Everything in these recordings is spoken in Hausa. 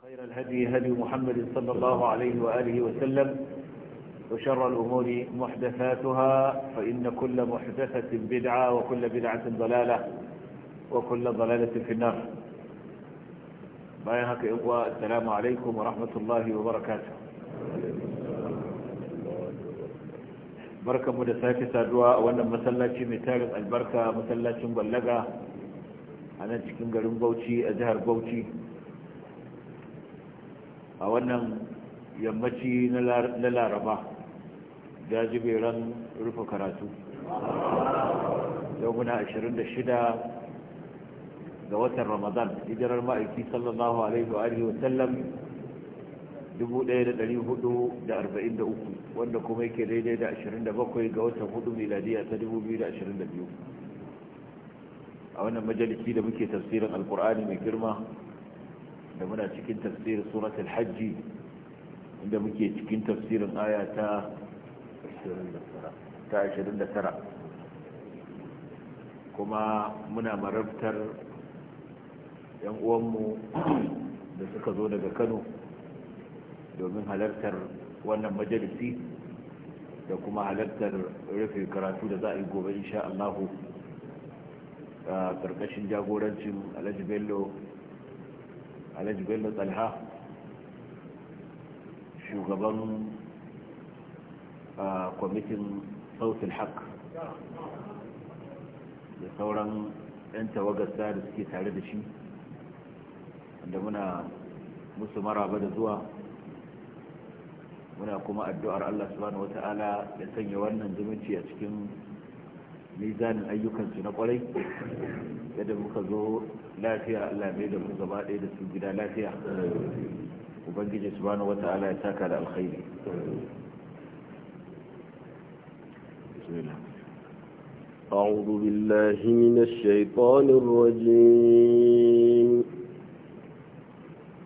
خير الهدي هدي محمد صلى الله عليه وآله وسلم وشر الأمور محدثاتها فإن كل محدثة بدعة وكل بدعة ضلالة وكل ضلالة في النار بايهك إخوة السلام عليكم ورحمة الله وبركاته بركة مدساك سادوا وانا مسلاتي مثال البركة مسلاتي مبلغة أنا تكن قرن بوتي أزهر بوتي a wannan yammaci na laraba jajiberan rufe karatu yau muna 26 ga watan ramadan hijirar ma'aiki sallallahu alaihi wa alihi wasallam 1443 wanda kuma yake daidai da 27 ga watan hudu miladiya ta 2022 a wannan majalisi da muke tafsirin alkur'ani mai girma da muna cikin tafsirin suratul hajji inda muke cikin tafsirin aya ta 29 kuma muna marabtar yan uwanmu da suka zo daga kano domin halartar wannan majalisi da kuma halartar rufe karatu da za a yi gobe insha Allahu a ƙarƙashin jagorancin alhaji bello alhaji bello talha shugaban kwamitin sautin haq da sauran 'yan tawagarsa da suke tare da shi da muna musu maraba da zuwa muna kuma addu'ar allah subhanahu ta'ala ya sanya wannan zumunci a cikin mizanin ayyukansu na kwarai yadda muka zo lafiya Allah mai da mu gaba ɗaya da su gida lafiya ubangiji subhanahu ala ya taka da alkhairi أعوذ بالله من الشيطان الرجيم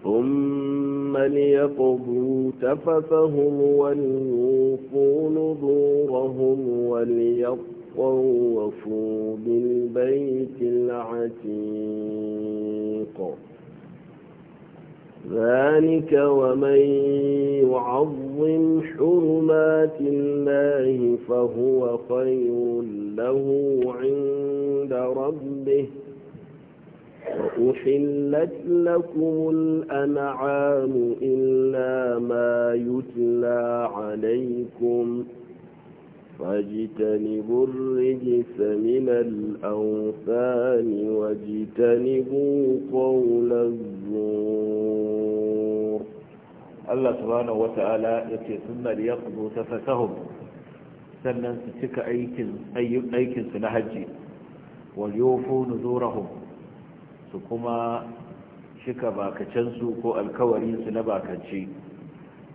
ثم ليقضوا تففهم وليوفوا نذورهم وليقضوا وطوفوا بالبيت العتيق ذلك ومن يعظم حرمات الله فهو خير له عند ربه وأحلت لكم الأنعام إلا ما يتلى عليكم ۖ فاجتنبوا الرجس من الأوثان واجتنبوا قول الزور الله سبحانه وتعالى يتي ثم ليقضوا تفتهم sannan su cika aikinsu na hajji walyofu nuzurahum su kuma cika bakacensu ko alkawarinsu na bakance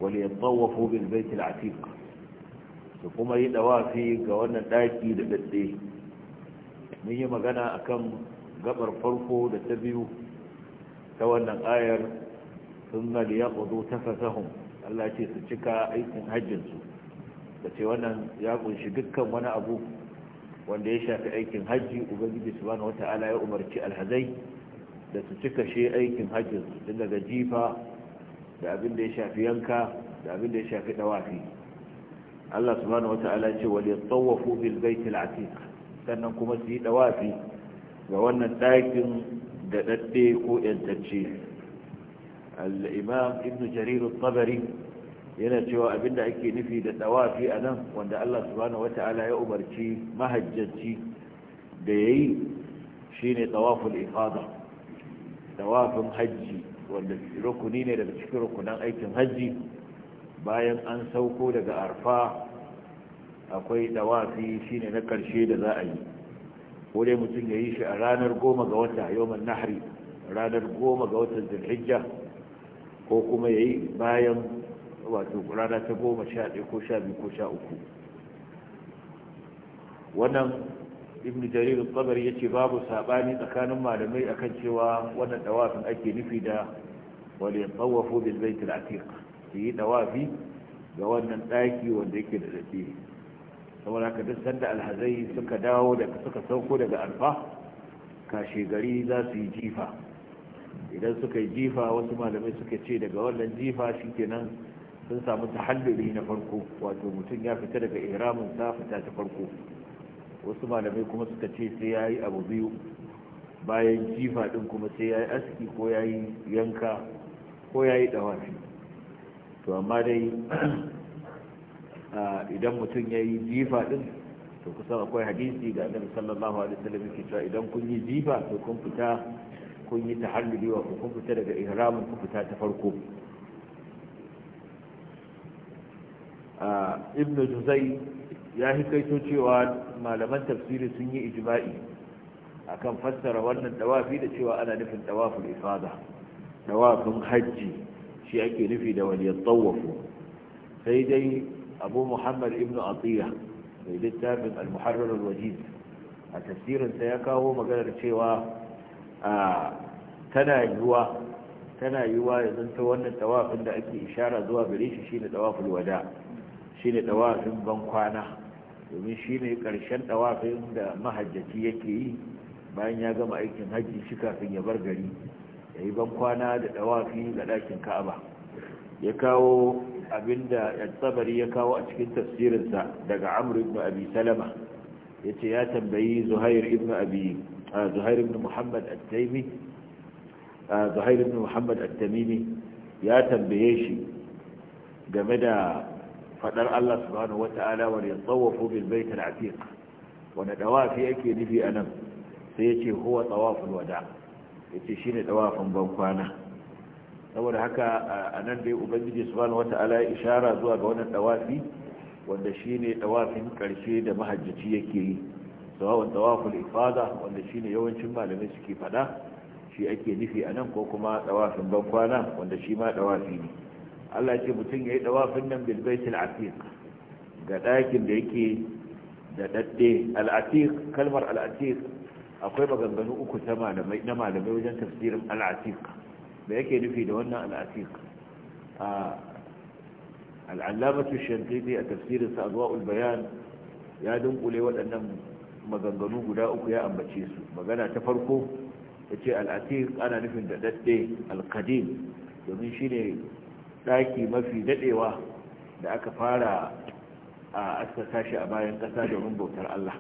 waliyattawafu bil da kuma yi dawafi ga wannan daki da dadde mun yi magana akan gabar farko da ta biyu ta wannan ayar sun na ya kudu ta fasahun Allah ce su cika aikin hajjinsu da ce wannan ya kunshi dukkan wani abu wanda ya shafi aikin hajji ubangiji wata wata'ala ya umarci alhazai da su cika shi aikin hajjinsu daga jifa da abin da ya shafi yanka da abin da ya shafi dawafi Allah subhanahu wata'ala ce wal yatawafu bil baitil atiq sannan kuma su yi dawafi ga wannan ɗakin da dadde ko yantacce al-imam ibn jarir at-tabari yana cewa abinda ake nufi da dawafi a nan wanda Allah subhanahu wata'ala ya umarci mahajjaci da yayi shine tawaful ifada tawafin hajji wanda rukuni ne daga cikin rukunan aikin hajji bayan an sauko daga arfa akwai dawafi shine na karshe da za a yi ko dai mutum ya yi shi a ranar goma ga wata yawon nahari ranar goma ga watan zulhijja ko kuma ya yi bayan wato rana ta goma sha ɗaya ko sha biyu ko sha uku wannan ibn jarir tsabari ya ce babu saɓani tsakanin malamai akan cewa wannan dawafin ake nufi da wale tsawafo bil baitul atiq su yi dawafi ga wannan ɗaki wanda yake da daɗi saboda haka duk sanda alhazai suka dawo da suka sauko daga alfa kashe gari za su yi jifa idan suka yi jifa wasu malamai suka ce daga wannan jifa shikenan sun samu tahalluli na farko wato mutum ya fita daga ihramin sa fita ta farko wasu malamai kuma suka ce sai ya yi abu biyu bayan jifa din kuma sai ya yi aski ko ya yi yanka ko ya yi dawafi to amma dai ah, idan mutum ya yi jifa din to kusan akwai hadisi ga annabi sallallahu alaihi wasallam yake cewa idan kun yi jifa to kun fita kun yi tahalluli wa kun fita daga ihramin kun fita ta farko ah, ibn juzai ya hikaito cewa malaman tafsiri sun yi ijma'i akan fassara wannan dawafi da cewa ana nufin dawaful ifada dawafin hajji shi ake nufi da wani tsawafu. sai dai abu muhammad ibn atiya mai littafin al-muharrar al-wajiz a tasirinsa ya kawo maganar cewa tana yiwuwa tana yiwuwa ya zanta wannan tawafin da ake ishara zuwa gare shi shine tawafin wada shine tawafin ban kwana domin shine karshen tawafin da mahajjaci yake yi bayan ya gama aikin hajji shi kafin ya bar gari da yi kwana da dawafi ga ɗakin ka'aba ya kawo abinda tsabari ya kawo a cikin tafsirinsa daga amr ibn abi salama ya ce ya tambayi zuhair ibn abi zuhair ibn muhammad at-taimi zuhair ibn muhammad tamimi ya tambaye shi game da fadar Allah subhanahu wata'ala wa yatawafu bil bayt al-atiq wanda dawafi yake nufi anan sai ya ce huwa tawaful wada' yace shine dawafin ban kwana saboda haka a nan dai ubangiji subhanahu wata'ala ya ishara zuwa ga wannan dawafi wanda shine dawafin karshe da mahajjaci yake yi sawa'un dawaful ifada wanda shine yawancin malamai suke fada shi ake nufi a nan ko kuma dawafin ban kwana wanda shi ma dawafi ne Allah ya ce mutum ya yi dawafin nan bil baitil atiq ga dakin da yake da dadde al atiq kalmar al atiq akwai maganganu uku ta malamai na malamai wajen tafsirin al'atiq da yake nufi da wannan al'atiq a al'allamatu shantidi a tafsirin sa azwa'ul ya dunkule waɗannan maganganu guda uku ya ambace su magana ta farko yace al'atiq ana nufin da dadde al-qadim domin shine daki mafi dadewa da aka fara a askata tashi a bayan kasa domin bautar Allah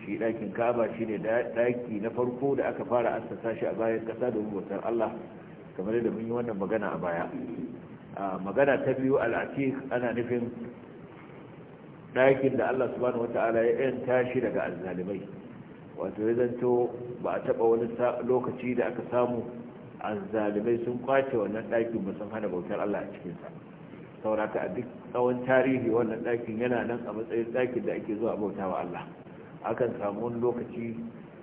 shi ɗakin kaba shi ne ɗaki na farko da aka fara assasa shi a bayan ƙasa domin bautar Allah kamar yadda mun yi wannan magana a baya magana ta biyu al'atik ana nufin ɗakin da Allah subhanahu wata'ala ya yanta tashi daga azzalimai wato ya zanto ba a taɓa wani lokaci da aka samu azzalimai sun kwace wannan ɗakin ba sun hana bautar Allah a cikinsa sauraka a duk tsawon tarihi wannan ɗakin yana nan a matsayin ɗakin da ake zuwa bautawa Allah akan samu wani lokaci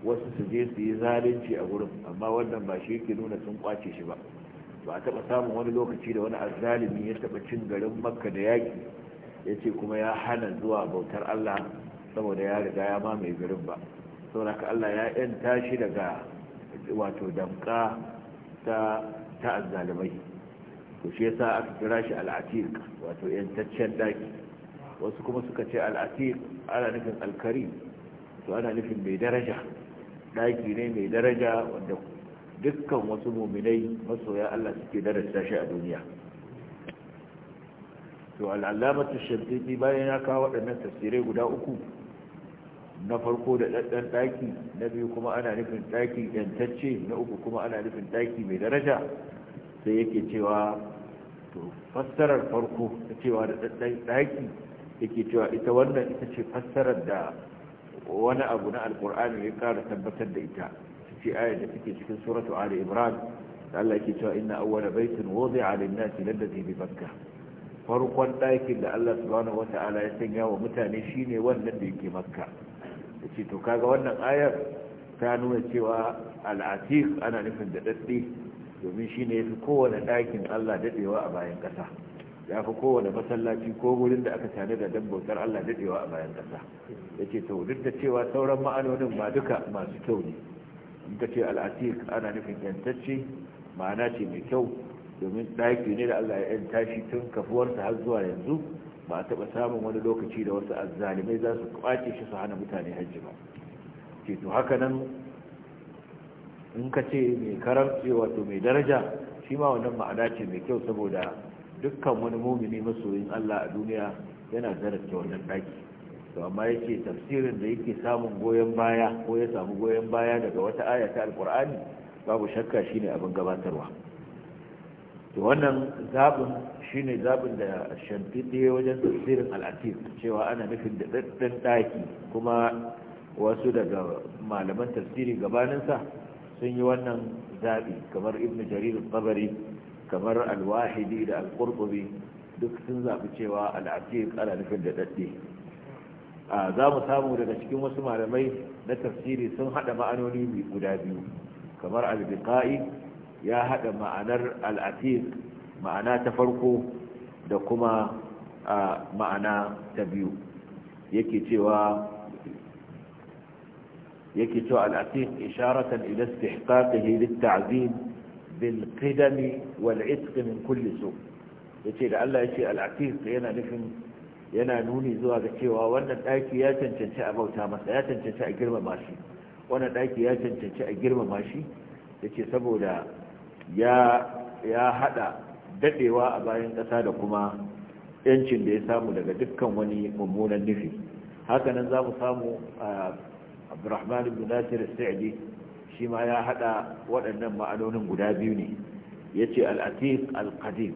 wasu su je su yi zalunci a gurin amma wannan ba shi yake nuna sun kwace shi ba ba a taba samun wani lokaci da wani azzalimi ya taba cin garin makka da yaki ya ce kuma ya hana zuwa bautar allah saboda ya riga ya mamaye garin ba saboda ka allah ya yan tashi daga wato damka ta ta azzalimai to shi yasa aka kira shi al'atiq wato yantaccen daki wasu kuma suka ce al'atiq ana nufin alkarim to ana nufin mai daraja daki ne mai daraja wanda dukkan wasu muminai masoya Allah suke darasta shi a duniya to al'alamatu shamsiti bayan ya kawo waɗannan tafsirai guda uku na farko da ɗanɗan ɗaki na biyu kuma ana nufin ɗaki yantacce na uku kuma ana nufin ɗaki mai daraja sai yake cewa to fassarar farko ta cewa da ɗaɗɗan ɗaki yake cewa ita wannan ita ce fassarar da wani abu na alkur'ani ya kara tabbatar da ita ce ayar da take cikin suratu ali imran da Allah yake cewa inna awwala baitin wudi'a lin-nasi ladzi bi bakka farkon ɗakin da Allah subhanahu wata'ala ya sanya wa mutane shine wannan da yake makka yace to kaga wannan ayar ta nuna cewa al-atiq ana nufin da daddi domin shine yafi kowane ɗakin Allah dadewa a bayan ƙasa ya fi kowane masallaci ko wurin da aka tare da dan bautar Allah dadewa a bayan kasa yace to duk da cewa sauran ma'anonin ba duka masu kyau ne in ka ce al'atiq ana nufin yantacce ma'ana ce mai kyau domin daki ne da Allah ya yanta shi tun kafuwarsa har zuwa yanzu ba a taɓa samun wani lokaci da wasu azzalimai za su kwace shi su hana mutane hajji ba ke to haka nan in ka ce mai cewa wato mai daraja shi ma wannan ma'ana ce mai kyau saboda dukkan wani mumini masoyin Allah a duniya yana zarafta wannan daki to amma yake tafsirin da yake samun goyon baya ko ya samu goyon baya daga wata aya ta alqur'ani babu shakka shine abin gabatarwa to wannan zabin shine zabin da shantidi wajen tafsirin al'atif cewa ana nufin da daddan daki kuma wasu daga malaman tafsiri gabaninsa sun yi wannan zabi kamar ibnu jarir al-tabari kamar alwahidi da alƙurƙubi duk sun zaɓi cewa al'aƙiƙ ana nufin da daɗe za mu samu daga cikin wasu malamai na tafsiri sun haɗa ma'anoni guda biyu kamar albiƙa'i ya haɗa ma'anar al'aƙiƙ ma'ana ta farko da kuma ma'ana ta biyu yake cewa yake cewa al'aƙiƙ isharatan ila istihqaqihi lit ta'zim bil qidami wal itq min su yace da Allah yace al aqiq yana nufin yana nuni zuwa ga cewa wannan daki ya cancanci a bauta masa ya cancanci a girmama shi wannan daki ya cancanci a girmama shi yace saboda ya ya hada dadewa a bayan kasa da kuma yancin da ya samu daga dukkan wani mummunan nufi hakanan za mu samu ah, abdurrahman ibn nasir as-sa'di shi ma ya hada waɗannan ma'anonin guda biyu ne ya ce al'atik al-qadim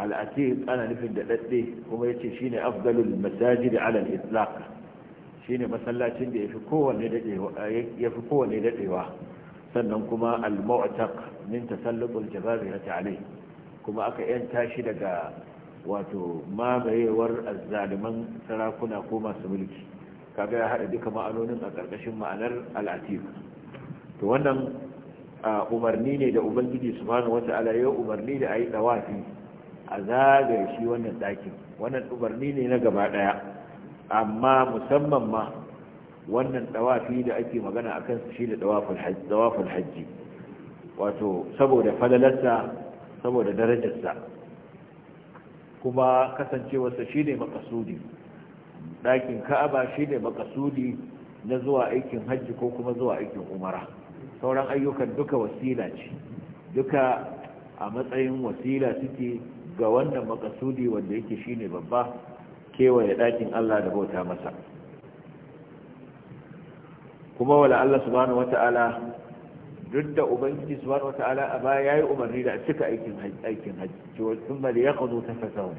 al'atik ana nufin da ɗaɗɗe kuma ya ce shi ne afdalul masajid alal itlaq shi ne masallacin da ya fi kowanne daɗewa sannan kuma al-mu'taq min jabari na alai kuma aka yanta shi daga wato mamayewar azzaliman sarakuna ko masu mulki kaga ya haɗa duka ma'anonin a ƙarƙashin ma'anar al'atik to wannan umarni ne da ubangiji subhanahu wata'ala ya umarni da ayi dawafi a zagaye shi wannan ɗakin. wannan umarni ne na gaba daya amma musamman ma wannan dawafi da ake magana akan shi da dawaful hajji hajji wato saboda falalarsa saboda darajarsa kuma kasancewarsa shi ne makasudi ɗakin ka'aba shi ne makasudi na zuwa aikin hajji ko kuma zuwa aikin umara sauran ayyukan duka wasila ce duka a matsayin wasila suke ga wannan makasudi wanda yake shine babba kewaye ɗakin Allah da bauta masa kuma wala Allah subhanahu wata'ala duk da ubangiji subhanahu wata'ala a baya yayi umarni da a cika aikin haji aikin haji to sun bali yaqdu tafasahum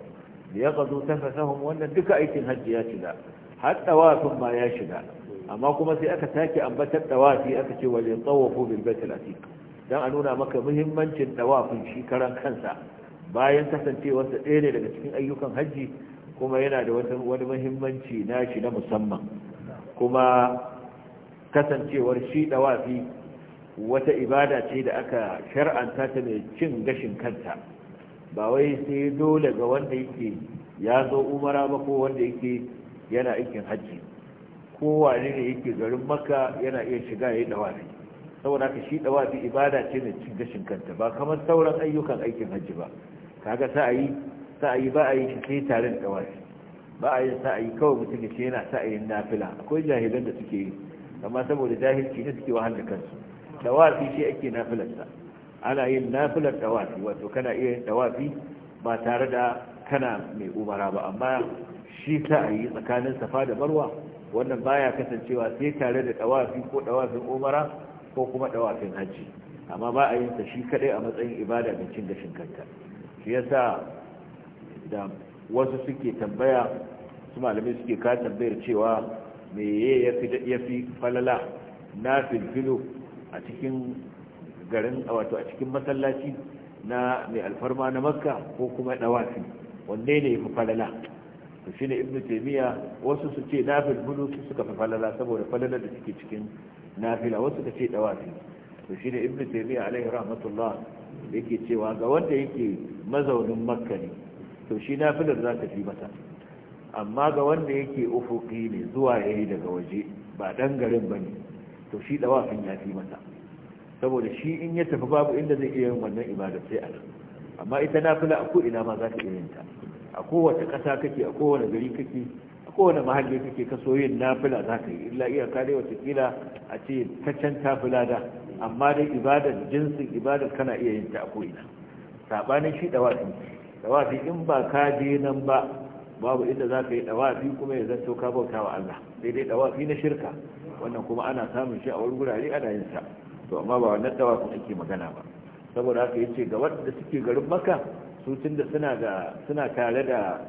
yaqdu tafasahum wannan duka aikin haji ya shiga hatta wa sun ya shiga amma kuma sai aka take ambatar dawafi aka ce wa yatawafu bil al atiq dan a nuna maka muhimmancin dawafin shi karan kansa bayan kasancewar sa ɗaya ne daga cikin ayyukan hajji kuma yana da wani muhimmanci shi na musamman kuma kasancewar shi dawafi wata ibada ce da aka shar'anta ta mai cin gashin kanta ba wai sai dole ga wanda yake ya zo umara ba ko wanda yake yana aikin hajji kowane ne yake garin maka yana iya shiga ya yi dawafi saboda haka shi dawafi ibada ce mai cin gashin kanta ba kamar sauran ayyukan aikin hajji ba kaga sa ayi ba a yi shi sai tare da dawafi ba a sa ayi kawai mutum ce yana sa sa'ayin nafila akwai jahilan da suke yi amma saboda jahilci ne suke wahalar kansu dawafi shi ake sa ana yin nafilar dawafi wato kana iya yin dawafi ba tare da kana mai umara ba amma shi yi tsakanin safa da marwa wannan baya kasancewa sai tare da tawafi ko tawafin umara ko kuma tawafin hajji amma ba a yin sa shi kadai a matsayin ibada da cin gashin kanta shi yasa da wasu suke tambaya su malamai suke ka tambayar cewa me ya fi falala na filfilo a cikin garin wato a cikin masallaci na mai alfarma na makka ko kuma dawafi wanne ne ya fi falala to shine ibn taymiya wasu su ce nafil bulu su suka fi falala saboda falala da suke cikin nafila wasu ka ce dawafi to shine ibn taymiya alaihi rahmatullah yake cewa ga wanda yake mazaunin makka ne to shi nafilar za ta fi mata amma ga wanda yake ufuki ne zuwa yayi daga waje ba dan garin bane to shi dawafin ya fi mata saboda shi in ya tafi babu inda zai iya yin wannan ibada sai a amma ita nafila a ko ina ma za ta iya yin ta a kowace ƙasa kake a kowane gari kake a kowane mahalli kake ka so yin nafila za ka yi illa kare wata kila a ce ta can fila da amma dai ibadar jinsin ibadar kana iya yin ta a ko'ina saɓanin shi ɗawafi ɗawafi in ba ka je nan ba babu inda za ka yi ɗawafi kuma ya zanto ka bauta wa Allah sai dai ɗawafi na shirka wannan kuma ana samun shi a wani gurare ana yin sa to amma ba wannan ɗawafin ake magana ba saboda haka yace ga wanda suke garin Makka su tun da suna tare da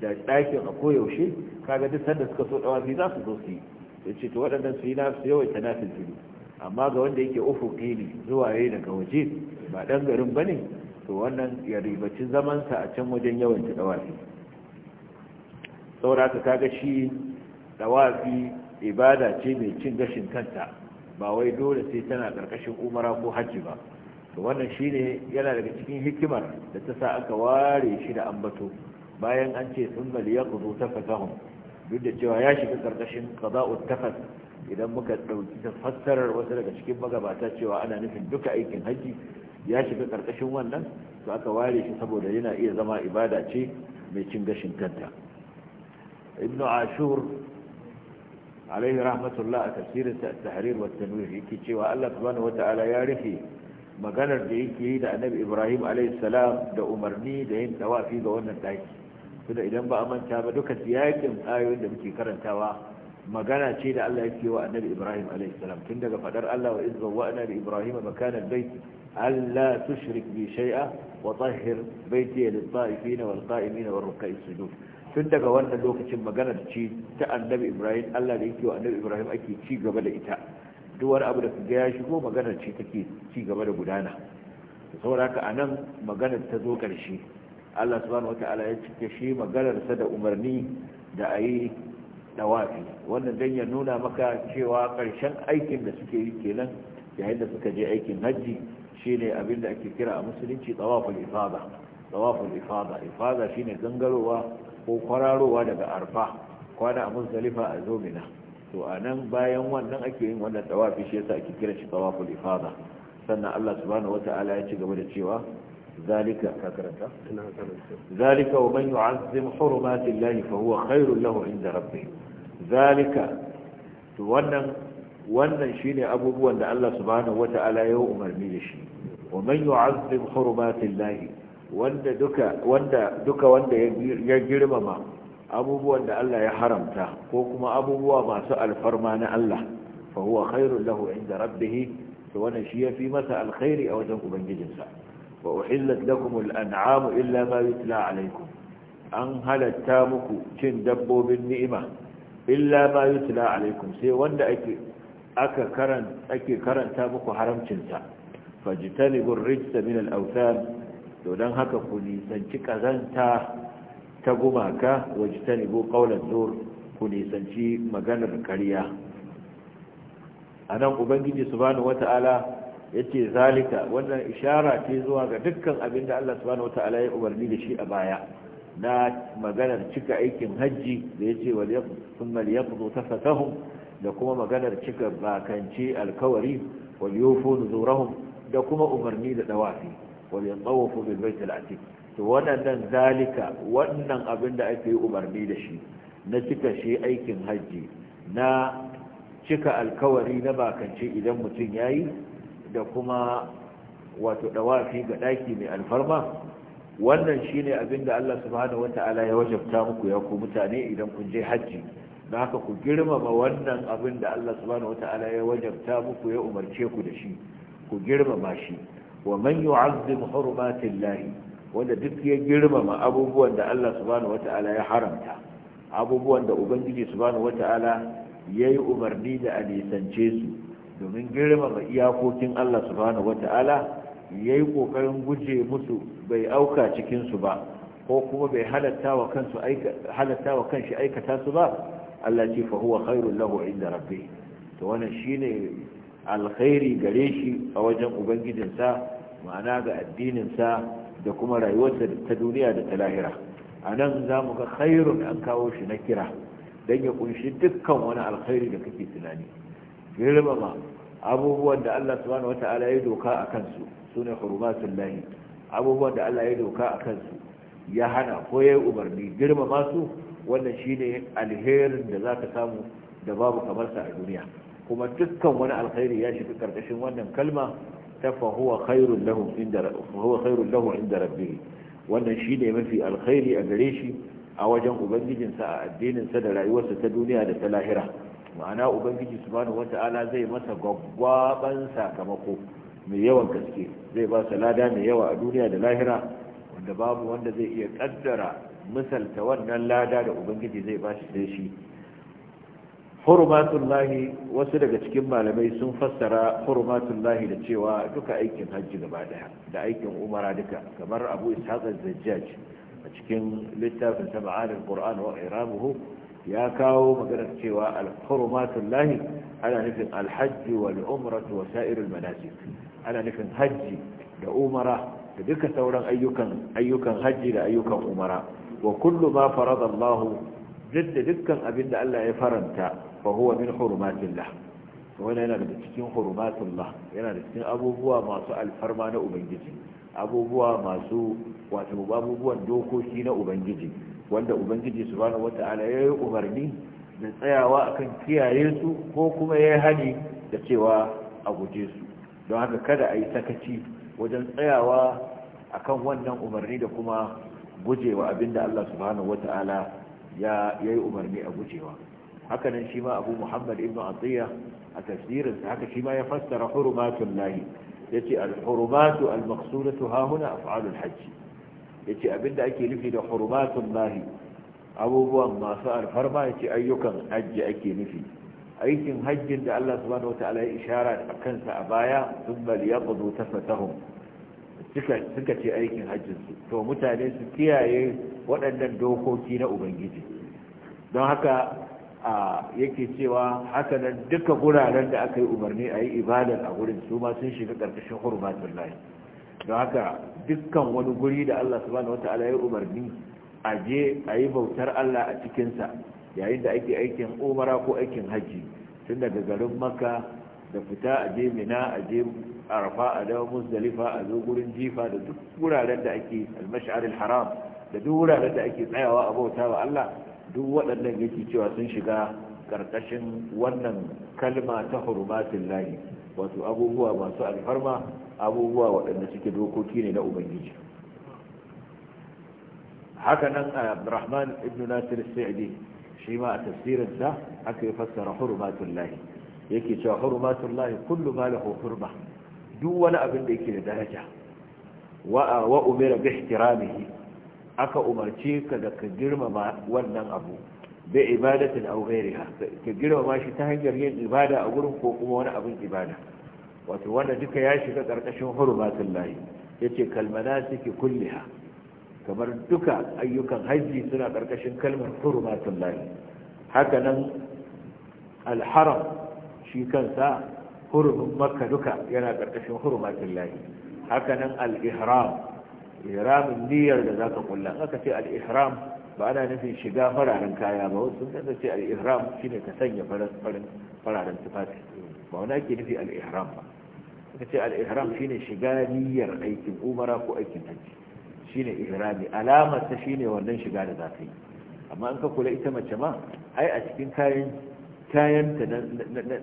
da ɗakin a koyaushe kaga duk sanda suka so ɗawafi za su zo su yi ya ce to waɗannan su yi na su yawai ta nasin amma ga wanda yake ofofi ne zuwa yayi daga waje ba ɗan garin ba ne to wannan ya ribaci zamansa a can wajen yawan ta dawafi saboda ka kaga shi dawafi ibada ce mai cin gashin kanta ba wai dole sai tana ƙarƙashin umara ko hajji ba to wannan shine yana daga cikin hikimar da ta sa aka ware shi da ambato bayan an ce tsumma liyaqdu tafakahum duk da cewa ya shiga karkashin qada'ut tafas idan muka dauki fassarar wasu daga cikin magabata cewa ana nufin duka aikin haji ya shiga karkashin wannan to aka ware shi saboda yana iya zama ibada ce mai cin gashin kanta ibnu ashur alaihi rahmatullah a tafsirin sa tahrir wa tanwir yake cewa Allah subhanahu wata'ala ya rufe maganar da yake yi da annabi ibrahim alaihissalam da umarni da yin tawafi ga wannan daki tunda idan ba a manta ba duka siyakin ayoyin da muke karantawa magana ce da Allah yake wa annabi ibrahim alaihissalam tun daga fadar Allah wa izza wa annabi ibrahim makana bait alla tushrik bi shai'a wa tahhir ya lil ta'ifin wal qa'imin wal ruk'i sujud tun daga wannan lokacin magana ce ta annabi ibrahim Allah da yake wa annabi ibrahim ake ci gaba da ita duk abu da ka gaya ya shigo maganar ce take ci gaba da gudana sauraka a anan maganar ta zo ƙarshe Allah subhanahu wata'ala ya cike shi maganarsa da umarni da a yi dawafi wannan don ya nuna maka cewa ƙarshen aikin da suke yi kenan yayin da suka je aikin hajji shine abin da ake kira a musulunci tawaful ifada ifada ifada shine gangarowa ko kwararowa daga arfa kwana a muzdalifa a zomina to a nan bayan wannan ake yin wannan tawafi shi yasa ake kira shi tawaful ifada sannan Allah subhanahu wata'ala ya ci gaba da cewa zalika ka karanta zalika wa man yu'azzim hurumati llahi fa huwa khairul lahu inda rabbih zalika to wannan wannan shine abubuwan da Allah subhanahu wata'ala ya umarni da shi wa man yu'azzim hurumati llahi wanda duka wanda duka wanda ya girmama abubuwan da Allah ya haramta ko kuma abubuwa masu alfarma na Allah fa huwa khairul lahu inda rabbih to wannan shi yafi masa alkhairi a wajen ubangijinsa wa uhillat lakum al illa ma yutla alaykum an halatta muku cin dabbobin ni'ima illa ma yutla alaykum sai wanda ake aka ake karanta muku haramcinsa fajitani fajtanibur rijsa min al-awthan to dan haka ku nisanci kazanta ta gumaka wajtanibu qawlan zur ku nisanci maganar ƙarya anan ubangiji subhanahu wata'ala yace zalika wannan ishara ce zuwa ga dukkan abin da Allah subhanahu wata'ala ya umarni da shi a baya na maganar cika aikin hajji da yace wal yaqsum al yaqdu tafatahum da kuma maganar cika bakanci alkawari wal yufu nuzurahum da kuma umarni da dawafi waliyan yatawafu bil baitil atiq to waɗannan zalika wannan abin da ake yi umarni da shi na cika shi aikin hajji na cika alkawari na bakance idan mutum ya yi da kuma wato ɗawafi ga ɗaki mai alfarma wannan shi ne abin da allah subhanahu wa ta'ala ya wajabta muku ya ku mutane idan kun je hajji na haka ku girmama wannan abin da allah subhanahu wa ta'ala ya wajabta muku ya umarce ku da shi ku girmama shi wa man yu'azzim hurmatillahi wanda duk ya girmama abubuwan da Allah subhanahu wata'ala ya haramta abubuwan da ubangiji subhanahu wata'ala ya yi umarni da a nisance su domin girmama iyakokin Allah subhanahu wata'ala ya yi ƙoƙarin guje musu bai auka cikinsu ba ko kuma bai halatta wa kanshi aikata su ba Allah ce fa huwa khairul lahu inda rabbi to wannan shine alkhairi gare shi a wajen ubangijinsa ma'ana ga addininsa da kuma rayuwarsa ta duniya da ta lahira a nan za mu ga khairun an kawo shi na kira don ya kunshi dukkan wani alkhairi da kake tunani girmama abubuwan da Allah subhanahu wata'ala ya doka a kansu su ne lahi abubuwan da Allah ya doka a kansu ya hana ko ya yi umarni girmama su wannan shi ne alherin da za ka samu da babu kamarsa a duniya kuma dukkan wani alkhairi ya shiga karkashin wannan kalma فهو خير له عند فهو ربه wannan shine mafi alkhairi a gare shi a wajen ubangijinsa a addininsa da rayuwarsa ta duniya da ta lahira ma'ana ubangiji wata wata'ala zai masa gwaggwaban sakamako mai yawan gaske zai ba lada mai yawa a duniya da lahira wanda babu wanda zai iya kaddara misalta wannan lada da ubangiji zai ba shi sai shi hurmatullahi wasu daga cikin malamai sun fassara hurmatullahi da cewa duka aikin hajji gaba daya da aikin umara duka kamar abu ishaq zajjaj a cikin littafin ma'anar qur'an wa iramuhu ya kawo maganar cewa al-hurmatullahi ana nufin al wa wal umratu wa sa'irul manasik ana nufin hajji da umara da duka sauran ayyukan ayyukan hajji da ayyukan umara wa kullu ma farada Allah duk dukkan abin da Allah ya faranta fa huwa min hurumatillah wannan yana da cikin hurumatullah yana da cikin abubuwa masu alfarma na ubangiji abubuwa masu wato abubuwan dokoki na ubangiji wanda ubangiji subhanahu wata'ala ya yi umarni da tsayawa kan kiyaye su ko kuma ya yi hani da cewa a guje su don haka kada a yi sakaci wajen tsayawa akan wannan umarni da kuma gujewa abinda Allah subhanahu wata'ala ya yi umarni a gujewa haka nan shi ma abu muhammad ibn atiya a tafsirinsa haka shi ma ya fassara hurumatun lahi yace al-hurumatu al-maqsudatu ha af'alul hajj yace abinda ake nufi da hurumatun lahi abubuwan masu alfarma ce ayyukan hajji ake nufi aikin hajjin da Allah subhanahu wataala ya ishara a kansa a baya sun bal yaqdu tafatahum suka suka ce aikin hajjin su to mutane su kiyaye waɗannan dokoki na ubangiji don haka a yake cewa haka nan duka guraren da aka yi umarni a yi ibadar a gurin su ma sun shiga ƙarƙashin hurmatun layi don haka dukkan wani guri da Allah subhanahu wata'ala ya yi umarni a je a yi bautar Allah a cikinsa yayin da ake aikin umara ko aikin hajji tun daga garin makka da fita a je mina a je a dawo musdalifa a zo gurin jifa da duk wuraren da ake almashar haram da duk wuraren da ake tsayawa a bauta wa Allah duk waɗannan yake cewa sun shiga ƙarƙashin wannan kalma ta hurmatullahi, lahi wato abubuwa masu alfarma abubuwa waɗanda suke dokoki ne na ubangiji haka nan abdurrahman ibn nasir sa'idi shi ma a tafsirinsa aka yi fassara hurmatullahi, lahi yake cewa hurumatun lahi kullu ma lahu hurma duk wani abin da yake da daraja wa umira bi ihtiramihi aka umarce ka da ka girmama wannan abu da ibadatin aw ghayriha ka girmama shi ta hanyar yin ibada a gurin ko kuma wani abin ibada wato wanda duka ya shiga karkashin hurumatul lahi yace kalmanatiki kulliha kamar duka ayyukan hajji suna ƙarƙashin kalmar hurumatul layi. haka nan alharam shi kansa hurumin makka duka yana karkashin hurumatul layi. haka nan al-ihram ihramin niyyar da zaka kulla aka ce al-ihram ba ana nufin shiga fararen kaya ba wasu sun kasance al-ihram shine ka sanya fararen tufafi ba wani ake nufi al-ihram ba aka ce al-ihram shine shiga niyyar aikin umara ko aikin hajji shine ihrami alamar ta shine wannan shiga da zaka yi amma in ka kula ita mace ma ai a cikin kayan kayanta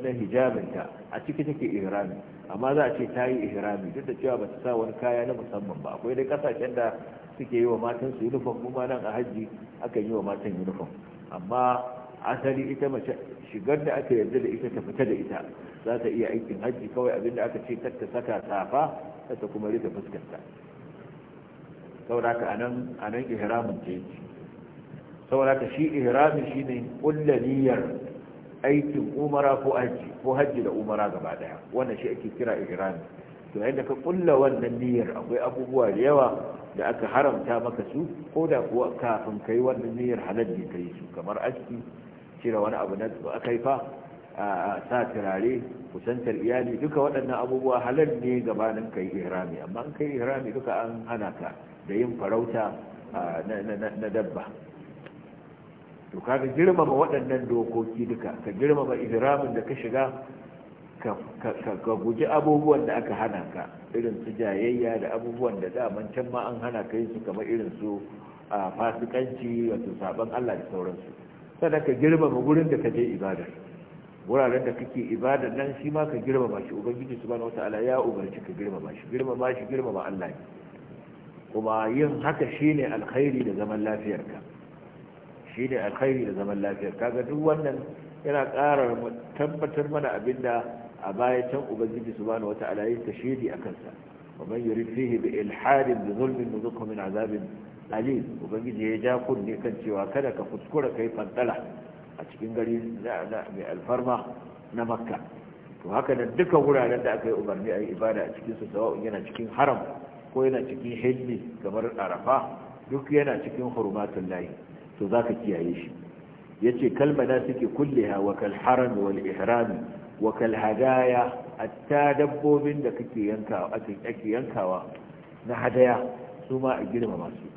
na hijabinta a ciki take ihrami amma za a ce ta yi ihrami duk da cewa ba ta sa wani kaya na musamman ba akwai dai kasashen da suke yi wa matan su uniform kuma nan a hajji aka yi wa matan uniform amma asali ita mace shigar da aka yarda da ita ta fita da ita za ta iya aikin hajji kawai abinda aka ce ta saka safa ta kuma rufe fuskanta saboda ka anan anan ihramin ce saboda ka shi ihramin shine kullaniyar aikin umara ko hajji ko da umara gaba daya wannan shi ake kira ihrami to yadda ka kulla wannan niyyar akwai abubuwa da yawa da aka haramta maka su ko da kuwa kafin kai wannan niyyar halal ne kai su kamar aski cire wani abu na kaifa a sa turare kusantar iyali duka waɗannan abubuwa halal ne gabanin kai ihrami amma in kai ihrami duka an hana ka da yin farauta na dabba to kaga girmama waɗannan dokoki duka ka girmama ihramin da ka shiga ka guji abubuwan da aka hana ka irin su jayayya da abubuwan da daman can ma an hana ka su kamar irin su a fasikanci wato saban Allah da sauransu sannan ka girmama gurin da ka je ibada wuraren da kake ibada nan shi ma ka girmama shi ubangiji subhanahu wataala ya umarci ka girmama shi girmama shi girmama Allah ne kuma yin haka shine alkhairi da zaman lafiyarka shi ne alkhairi da zaman lafiya kaga duk wannan yana ƙara tabbatar mana abin da a baya can ubangiji subhanahu wata yin shaidi a kansa wa man yurid fihi bi ilhadin bi zulmin nuzukhu min azabin alim ubangiji ya ja kunne kan cewa kada ka kuskura kai fantala a cikin gari mai alfarma na makka to haka da duka wuraren da aka yi umarni a yi ibada a cikin su sawa'un yana cikin haram ko yana cikin hilli kamar arafa duk yana cikin hurmatun layi to za ka kiyaye shi ya ce kalmada suke kulliha wa kalharan wal ihrami wa a ta dabbobin da kake yankawa ake yankawa na hadaya su ma a girma masu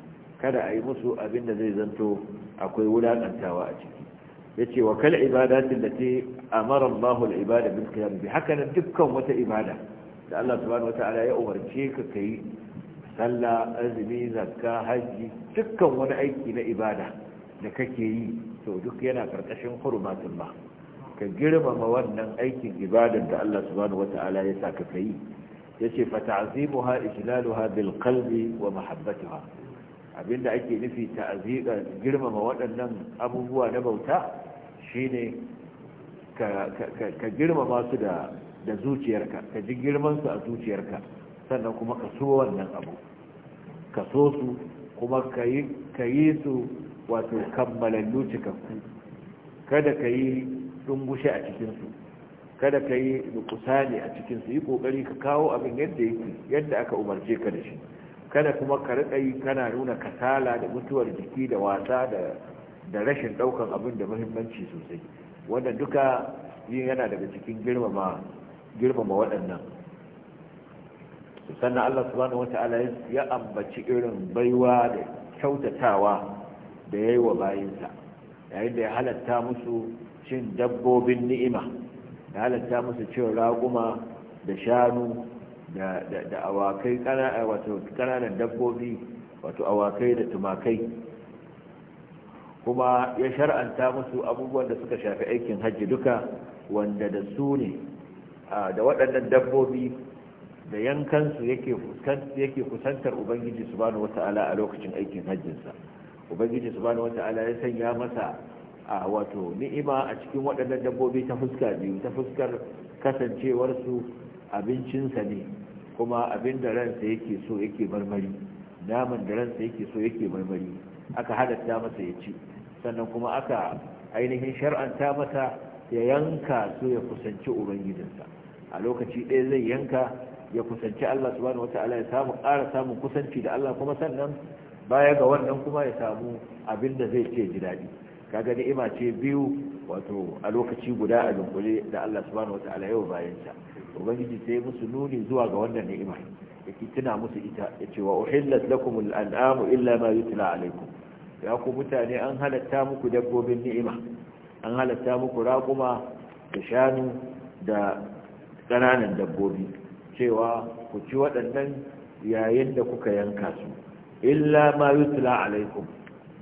kada a yi musu abin da zai zanto akwai wulaƙantawa a ciki ya ce wa kal ibadatin da ta amara ibada al'ibada bil bi haka nan dukkan wata ibada da Allah subhanahu ya umarce ka kai sallah azumi zakka haji dukkan wani aiki na ibada da kake yi to duk yana karkashin hurmatin ba ka girmama wannan aikin ibadar da Allah subhanahu wata'ala ya saka ka yi yace fa ta'zimuha ijlaluha bil qalbi wa mahabbatuha abinda ake nufi ta'ziqa girmama waɗannan abubuwa na bauta shine ka ka girmama su da da zuciyarka ka ji girman su a zuciyarka sannan kuma ka so wannan abu ka so su kuma ka yi su wato kammala cikakku kada ka yi dungushe a cikinsu kada ka yi nukusani a cikinsu yi kokari ka kawo abin yadda yake yadda aka umarce ka da shi kada kuma ka riƙa yi kana nuna kasala da mutuwar jiki da wasa da rashin ɗaukar abin da muhimmanci sosai wannan duka yin yana daga cikin girmama girmama waɗannan sannan Allah subhanahu wata'ala ya ambaci irin baiwa da kyautatawa da ya yi wa bayinsa yayin da ya halatta musu cin dabbobin ni'ima ya halatta musu cin raguma da shanu da awakai kananan dabbobi wato awakai da tumakai kuma ya shar'anta musu abubuwan da suka shafi aikin hajji duka wanda da su ne da waɗannan dabbobi da yankansu yake kusantar ubangiji su subhanahu wata'ala a lokacin aikin hajjinsa ubangiji subhanahu wata'ala ya sanya masa a wato ni'ima a cikin waɗannan dabbobi ta fuska biyu ta fuskar kasancewarsu abincinsa ne kuma abin da ransa yake so yake marmari naman da ransa yake so yake marmari aka halatta masa ya ci sannan kuma aka ainihin shar'anta masa ya yanka so ya kusanci ubangijinsa a lokaci ɗaya zai yanka ya kusanci Allah subhanahu wata'ala ya samu ƙara samun kusanci da Allah kuma sannan baya ga wannan kuma ya samu abin da zai ce ji daɗi kaga ni'ima ce biyu wato a lokaci guda a dunkule da Allah subhanahu ta’ala yau bayansa ubangiji sai musu nuni zuwa ga wannan ni'ima yake tuna musu ita yace wa uhillat lakum al-an'amu illa ma yutla alaykum ya ku mutane an halatta muku dabbobin ni'ima an halatta muku raƙuma da shanu da ƙananan dabbobi cewa ku ci waɗannan yayin da kuka yanka su illa ma yutla alaikum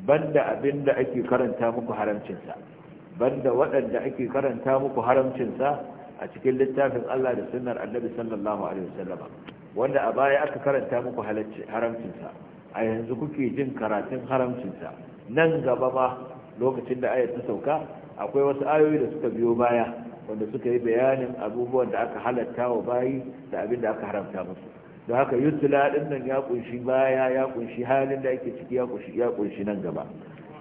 banda abinda ake karanta muku haramcinsa banda waɗanda ake karanta muku haramcinsa a cikin littafin Allah da sunnar annabi sallallahu alaihi wasallam wanda a baya aka karanta muku haramcinsa a yanzu kuke jin karatun haramcinsa nan gaba ma lokacin da ayat ta sauka akwai wasu ayoyi da suka biyo baya wanda suka yi bayanin abubuwan da aka halatta wa bayi da abin da aka haramta musu da haka yutula din nan ya kunshi baya ya kunshi halin da yake ciki ya kunshi ya kunshi nan gaba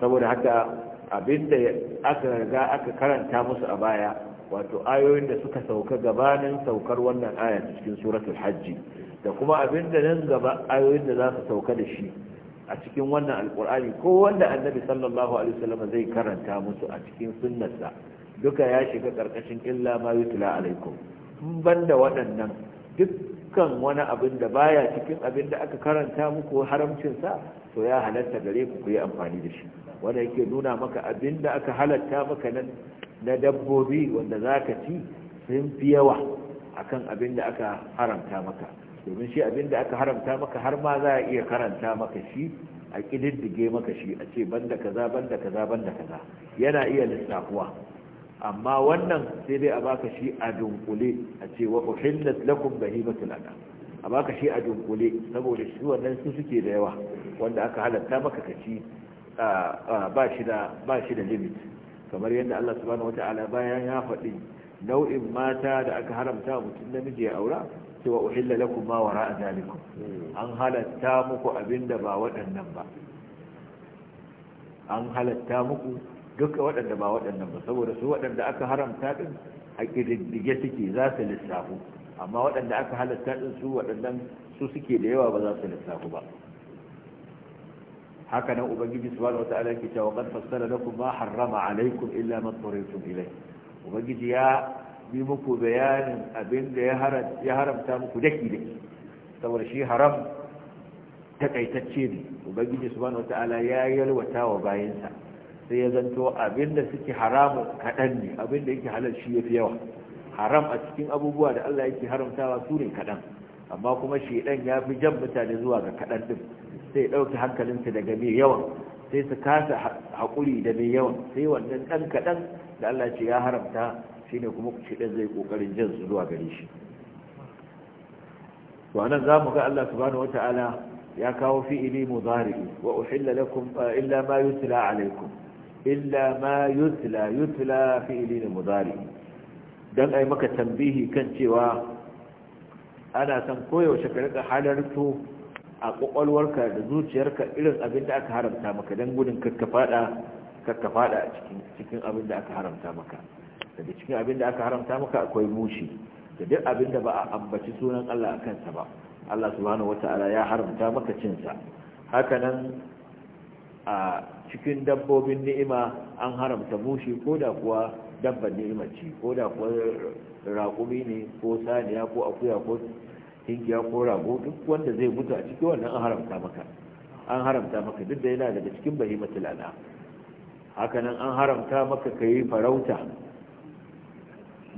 saboda haka abinda aka riga aka karanta musu a baya wato ayoyin da suka sauka gabanin saukar wannan aya cikin suratul hajji da kuma abinda nan gaba ayoyin da za su sauka da shi a cikin wannan alkur'ani ko wanda annabi sallallahu alaihi wasallam zai karanta musu a cikin sunnarsa duka ya shiga karkashin illa ma yutula alaikum ban da waɗannan duk dukkan wani abin da baya cikin abin da aka karanta muku haramcinsa to ya halatta gare ku ku yi amfani da shi wanda yake nuna maka abin da aka halatta maka na dabbobi wanda za ka ci sun fi yawa akan abin da aka haramta maka domin shi abin da aka haramta maka har ma za a iya karanta maka shi a ƙididdige maka shi a ce banda kaza banda kaza banda kaza yana iya lissafuwa amma wannan sai dai a baka shi a dunkule a ce wa uhillat lakum bahimatul anam a baka shi a dunkule saboda shi wannan su suke da yawa wanda aka halatta maka kaci ba shi da ba shi da limit kamar yadda Allah subhanahu wataala bayan ya faɗi nau'in mata da aka haramta mutum namiji ya aura wa uhilla lakum ma wara'a zalikum an halatta muku abinda ba waɗannan ba an halatta muku duka waɗanda ba waɗannan ba saboda su waɗanda aka haramta ɗin a ƙididdige suke za su lissafu amma waɗanda aka halatta ɗin su waɗannan su suke da yawa ba za su lissafu ba haka nan ubangiji subhanahu wata yake cewa qad fassala na kuma harrama alaikum illa ma turitum ilai ubangiji ya bi muku bayanin abin da ya haramta muku daki daki saboda shi haram takaitacce ne ubangiji su wata ala ya yalwata wa bayinsa sai ya zanto abin da suke haramu kaɗan ne abin da yake halar shi ya fi yawa haram a cikin abubuwa da Allah yake haramtawa su ne kaɗan amma kuma shaidan ya fi jan mutane zuwa ga kaɗan ɗin sai ɗauki hankalinsa daga mai yawan sai su kasa haƙuri da mai yawan sai wannan ɗan kaɗan da Allah ce ya haramta shi ne kuma shaidan zai ƙoƙarin jan su zuwa gare shi to anan za mu ga Allah subhanahu wata'ala ya kawo fi'ili mudari wa uhilla lakum illa ma yutla alaikum illa ma yutla yutla fi'ili ne mudari don ai maka tambihi kan cewa ana san koyaushe ka rika halarto a kwakwalwarka da zuciyarka irin abin da aka haramta maka don gudun kakkafada kakkafada a cikin abin da aka haramta maka daga cikin abin da aka haramta maka akwai mushi da duk abin da ba a ambaci sunan Allah a kansa ba Allah subhanahu wata'ala ya haramta maka cinsa hakanan a cikin dabbobin ni'ima an haramta mushi ko da kuwa dabban ni'ima ci ko da kuwa raƙumi ne ko saniya ko akuya ko hinkiya ko rago duk wanda zai mutu a cikin wannan an haramta maka an haramta maka duk da yana daga cikin bahi an'am hakanan an haramta maka ka yi farauta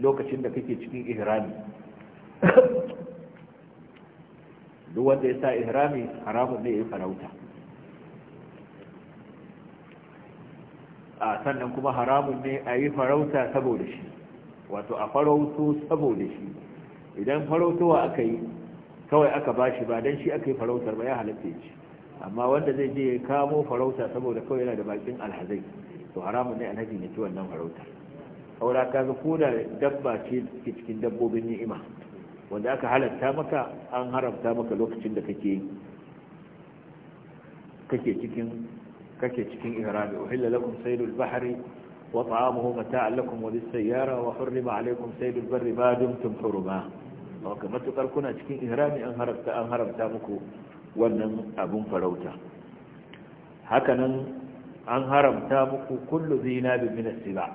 lokacin da kake cikin ihrami duk wanda ya sa ihrami haramun ne ya yi farauta a sannan kuma haramun ne a yi farauta saboda shi wato a farauto saboda shi idan farautowa aka yi kawai aka ba shi ba don shi aka yi farautar ba ya halatta shi amma wanda zai je ya kamo farauta saboda kawai yana da bakin alhazai to haramun ne alhaji ne ci wannan farauta saboda ka ga da dabba ce ke cikin dabbobin ni'ima wanda aka halatta maka an haramta maka lokacin da kake cikin kake cikin ihrami uhilla lakum saydul bahri wa ta'amuhu mata'an lakum wa lis-sayyara wa hurrima alaykum saydul barri ma dumtum huruma haka matukar kuna cikin ihrami an haramta an haramta muku wannan abun farauta hakanan an haramta muku kullu zinabin min as-siba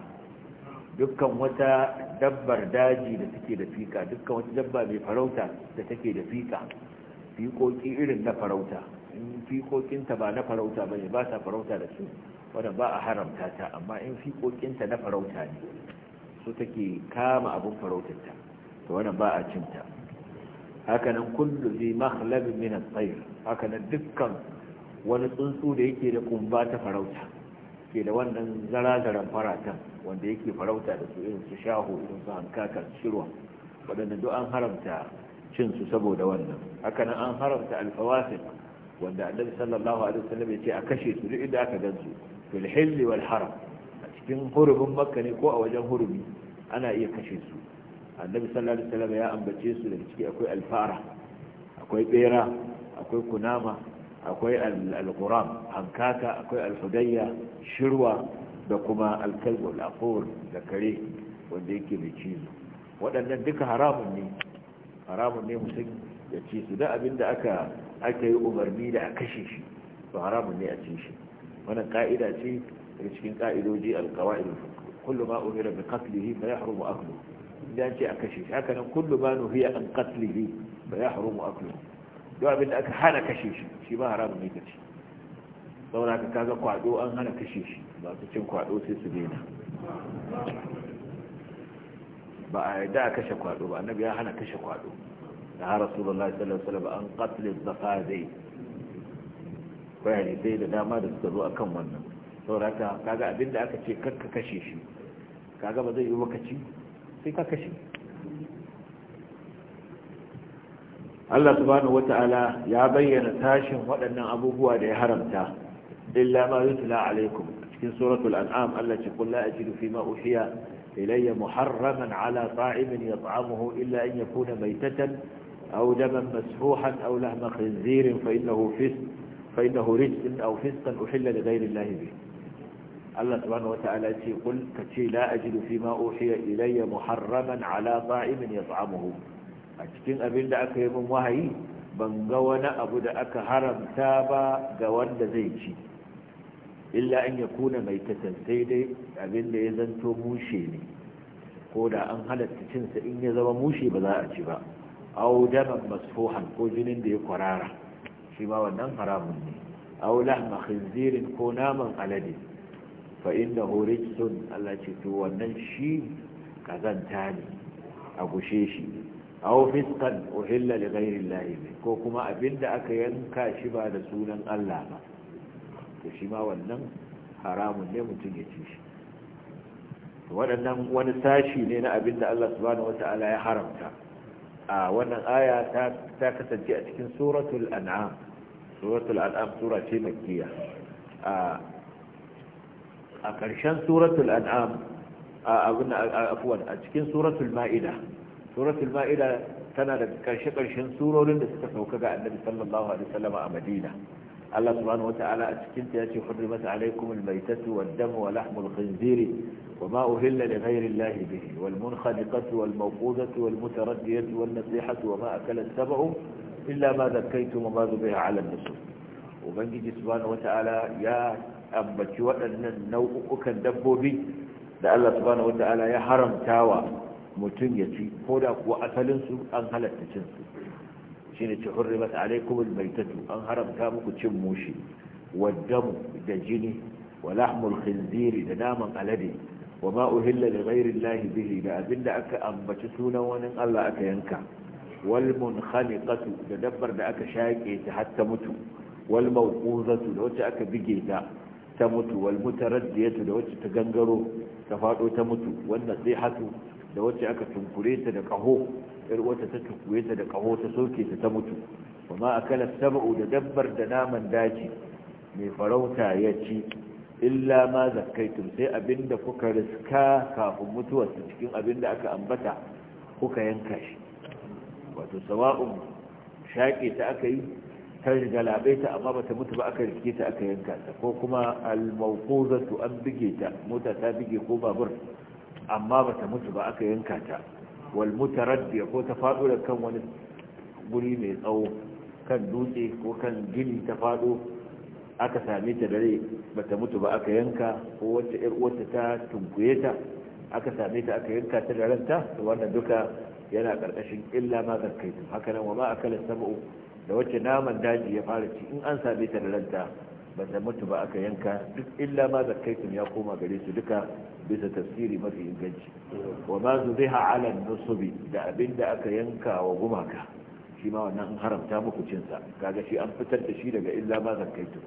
dukkan wata dabbar daji da take da fika dukkan wata dabba mai farauta da take da fika fikoki irin na farauta In fikokinta ba na farauta ba ne ba sa farauta da su wadda ba a haramta ta amma in fikokinta na farauta ne su take kama abin farautarta ta wannan ba a cinta hakanan kullu zai makhlabin minan at hakanan dukkan wani tsuntsu da yake da kumba ta farauta ke da wannan zarazaran faratan wanda yake farauta da su irin su shaho irin su hankakar shirwa waɗanda duk an haramta cinsu saboda wannan hakanan an haramta alfawasik wanda annabi sallallahu alaihi wasallam ya ce a kashe su duk inda aka gansu fil hilli wal haram a cikin hurumin makka ne ko a wajen hurumi ana iya kashe su annabi sallallahu alaihi wasallam ya ambace su daga ciki akwai alfara akwai bera akwai kunama akwai alquram, hankaka akwai al shirwa da kuma al-kalb da kare wanda yake mai cizo waɗannan duka haramun ne haramun ne mutum ya ci su da abin da aka aka yi umarni da a kashe shi to haramun ne a cin shi wannan ka'ida ce daga cikin ka'idoji alqawaid kullu ma umira bi qatlihi fa yahrumu akluhu idan ce a kashe shi haka nan kullu ma nuhiya an qatlihi fa yahrumu akluhu duk abin da aka hana kashe shi shi ba haramun ne kace saboda ka kaga kwado an hana kashe shi ba su cin kwado sai su daina ba a yarda a kashe kwado ba annabi ya hana kashe kwado na rasulullahi sallallahu alaihi wasallam an qatl az-zafadai kai hadisai da dama da suka zo akan wannan sauraka kaga abinda aka ce kakka kashe shi kaga ba zai yi lokaci sai ka kashe Allah subhanahu wata'ala ya bayyana tashin waɗannan abubuwa da ya haramta illa ma yutla alaikum cikin suratul an'am Allah ce kula la ajidu fima uhiya ilayya muharraman ala ta'imin yat'amuhu illa an mai maytatan أو دما مسفوحا أو لحم خنزير فإنه فسق فإنه رجس أو فسقا أحل لغير الله به الله سبحانه وتعالى قل كتي لا أجد فيما أوحي إلي محرما على طائم يطعمه أتكين أبين دعك يمم وهي بنقونا أبو دعك هرم تابا قوان زيتي إلا أن يكون ميتة سيدي أبين ليزنتو موشيني ko da an halatta cinsa in ya zama mushi ba za a ci ba aw daman masfuhan ko jinin da ya kwarara shi ma wannan haramun ne aw lahma khinzirin ko naman alade fa innahu rijsun Allah ce to wannan shi kazanta ne a gushe shi aw fiskan uhilla li ghairi Allah ko kuma abinda aka yanka shi ba da sunan Allah ba to shi ma wannan haramun ne mutum ya ci shi waɗannan wani sashi ne na abinda Allah subhanahu wata'ala ya haramta a wannan aya ta kasance a cikin suratul an'am suratul an'am sura ce makkiya a ƙarshen suratul an'am a cikin suratul ma'ida suratul ma'ida tana da ƙarshe-ƙarshen surorin da suka sauka ga annabi sallallahu alaihi wasallam a madina الله سبحانه وتعالى أتكنت يأتي حرمت عليكم الميتة والدم ولحم الخنزير وما أهل لغير الله به والمنخلقة والموقوذة والمتردية والنصيحة وما أكل السبع إلا ما ذكيتم وما ذبه على النصر وبنجد سبحانه وتعالى يا أبا جوأن نوءك الدبو بي لألا سبحانه وتعالى يا حرم تاوى متنية فولاك وأثلنسوا أنهلت تشنسوا shine ce hurrimat alaikum almaytatu an haramta muku cin mushi waddamu da jini wa lahmul khinziri da naman alade wa ma uhilla li ghayri llahi bihi da abinda aka ambaci sunan wani Allah aka yanka wal munkhaliqatu da dabbar da aka shaƙe ta hatta mutu wal mawquzatu da wacce aka bige ta ta mutu wal mutaraddiyatu da wacce ta gangaro ta fado ta mutu wannan sai hatu da wacce aka tunkure ta da kaho uwata ta tukuye ta da kaho ta soke ta ta mutu kuma akala sab'u da dabbar da naman daji mai farauta ya ci illa ma zakkaitum sai abinda kuka riska kafin mutuwar cikin abinda aka ambata kuka yanka shi wato sawa'un shaƙe ta aka yi ta galabe ta amma bata mutu ba aka rike ta aka yanka ta ko kuma almauquzatu an bige ta mota ta bige ko babur amma bata mutu ba aka yanka ta wal mutaraddiya ko ta faɗo da kan wani guri mai tsawo kan dutse ko kan gini ta faɗo aka same ta dare bata mutu ba aka yanka ko wacce uwarta ta tunkuye ta aka same ta aka yanka ta da ranta to wannan duka yana ƙarƙashin illa ma zakaitu haka nan wa ma akala sab'u da wacce naman daji ya fara ci in an same ta da ranta ba ta mutu ba aka yanka duk illa ma zakaitu ya koma gare su duka bisa tafsiri mafi inganci wa zai zubiha ala nusubi da abin da aka yanka wa gumaka shi ma wannan an haramta muku cin sa kaga shi an fitar da shi daga illa ma zakaitu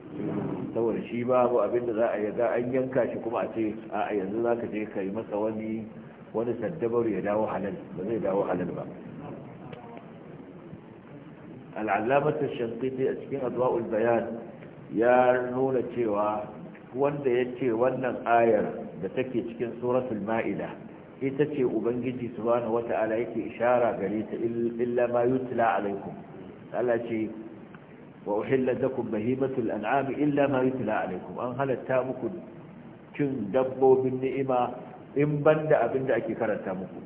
saboda shi babu abin da za a yaga an yanka shi kuma a ce a yanzu za zaka je kai masa wani wani saddabar ya dawo halal ba zai dawo halal ba al'alamar tashanƙiti a cikin adwa'ul bayan ya nuna cewa wanda ya ce wannan ayar da take cikin suratul ma'ida ita ce ubangiji subhanahu wata'ala yake ishara gare ta illa ma yutla alaikum Allah ce wa uhillat lakum bahimatul an'ami illa ma yutla alaikum an halatta muku cin dabbobin ni'ima in banda abinda ake karanta muku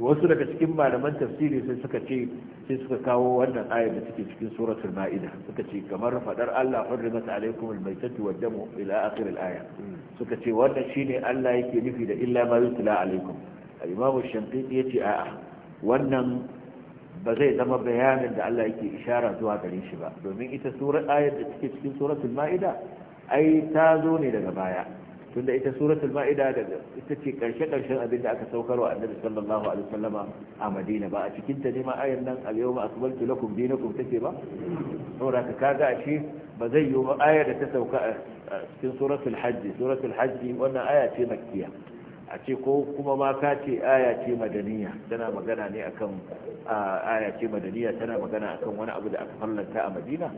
wasu daga cikin malaman tafsiri sai suka ce sai suka kawo wannan ayar da take cikin suratul ma'ida suka ce kamar fadar Allah hurrimat alaikum almaytatu waddamu ila akhir alaya suka ce wannan shine Allah yake nufi da illa ma yutla alaikum al-imam shafi'i yace a'a wannan ba zai zama bayanin da Allah yake ishara zuwa gare shi ba domin ita surar ayar da take cikin suratul ma'ida ai ta zo ne daga baya tunda ita suratul ma'ida daga ita ce karshe karshen abin da aka saukarwa annabi sallallahu alaihi wasallama a madina ba a cikin ta ne ma ayan nan al-yawma akmaltu lakum dinakum take ba saboda ka kaga ce ba zai yi ba ayar da ta sauka a cikin suratul hajj suratul hajj wannan aya ce makkiya a ce ko kuma ma ka ce aya ce madaniya tana magana ne akan aya ce madaniya tana magana akan wani abu da aka fallanta a madina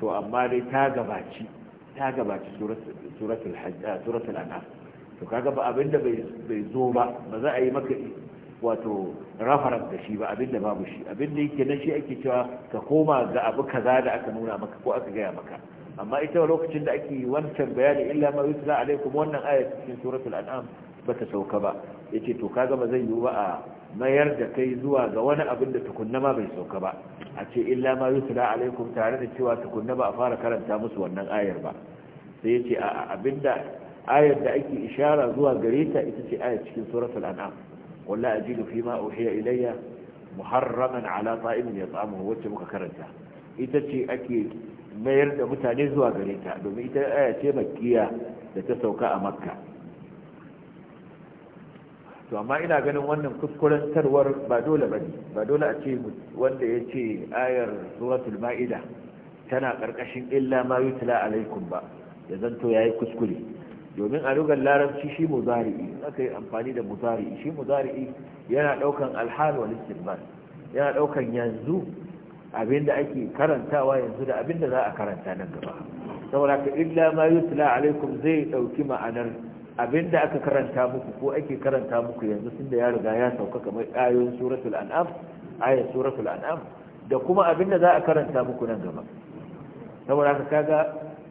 to amma dai ta gabaci ta gabaci suratul eh, suratul an'am to kaga ba abinda bai zo ba ba za a yi maka wato reference da shi ba abinda babu shi abinda yake na shi ake cewa ka koma ga abu kaza da aka nuna maka ko aka gaya maka amma ita lokacin da ake wancan bayani illa ma alaikum wannan aya cikin suratul an'am bata sauka ba yace to kaga ba zai yiwu ba a mayar da kai zuwa ga wani abin da tukunna ma bai sauka ba a ce illa ma yusra alaikum tare da cewa tukunna ba a fara karanta musu wannan ayar ba sai yace a abinda ayar da ake ishara zuwa gare ta ita ce ayar cikin suratul an'am wallahi ajidu fi ma uhiya ilayya muharraman ala ta'imin yat'amuhu wacce muka karanta ita ce ake mayar da mutane zuwa gare ta domin ita aya ce makkiya da ta sauka a makka to amma ina ganin wannan kuskurantarwar ba dole ba ne ba dole a ce wanda ya ce ayar suratul ma'ida tana ƙarƙashin illa ma yutla alaikum ba ya zanto ya yi kuskure domin a lugar larabci shi muzari'i aka yi amfani da muzari'i shi muzari'i yana ɗaukan alhal wal istinbal yana ɗaukan yanzu abinda ake karantawa yanzu da abinda za a karanta nan gaba saboda ka illa ma yutla alaikum zai ɗauki ma'anar Abin da aka karanta muku ko ake karanta muku yanzu tunda ya riga ya sauka kamar ayoyin suratul an'am ayat suratul an'am da kuma abinda za a karanta muku nan gaba saboda haka kaga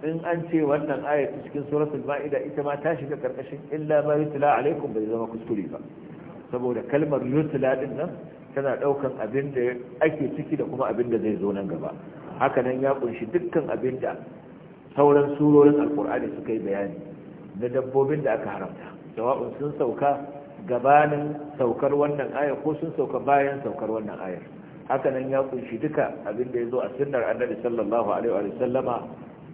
in an ce wannan ayat cikin suratul ma'ida ita ma ta shiga karkashin illa ma yutla alaikum bai zama kuskure ba saboda kalmar yutla din nan tana daukan abinda ake ciki da kuma abinda zai zo nan gaba hakanan ya kunshi dukkan abinda sauran surorin alkur'ani suka yi bayani da dabbobin da aka haramta jawabin sun sauka gabanin saukar wannan ayar ko sun sauka bayan saukar wannan ayar hakanan ya kunshi duka abin da ya zo a sunnar annabi sallallahu alaihi wa sallama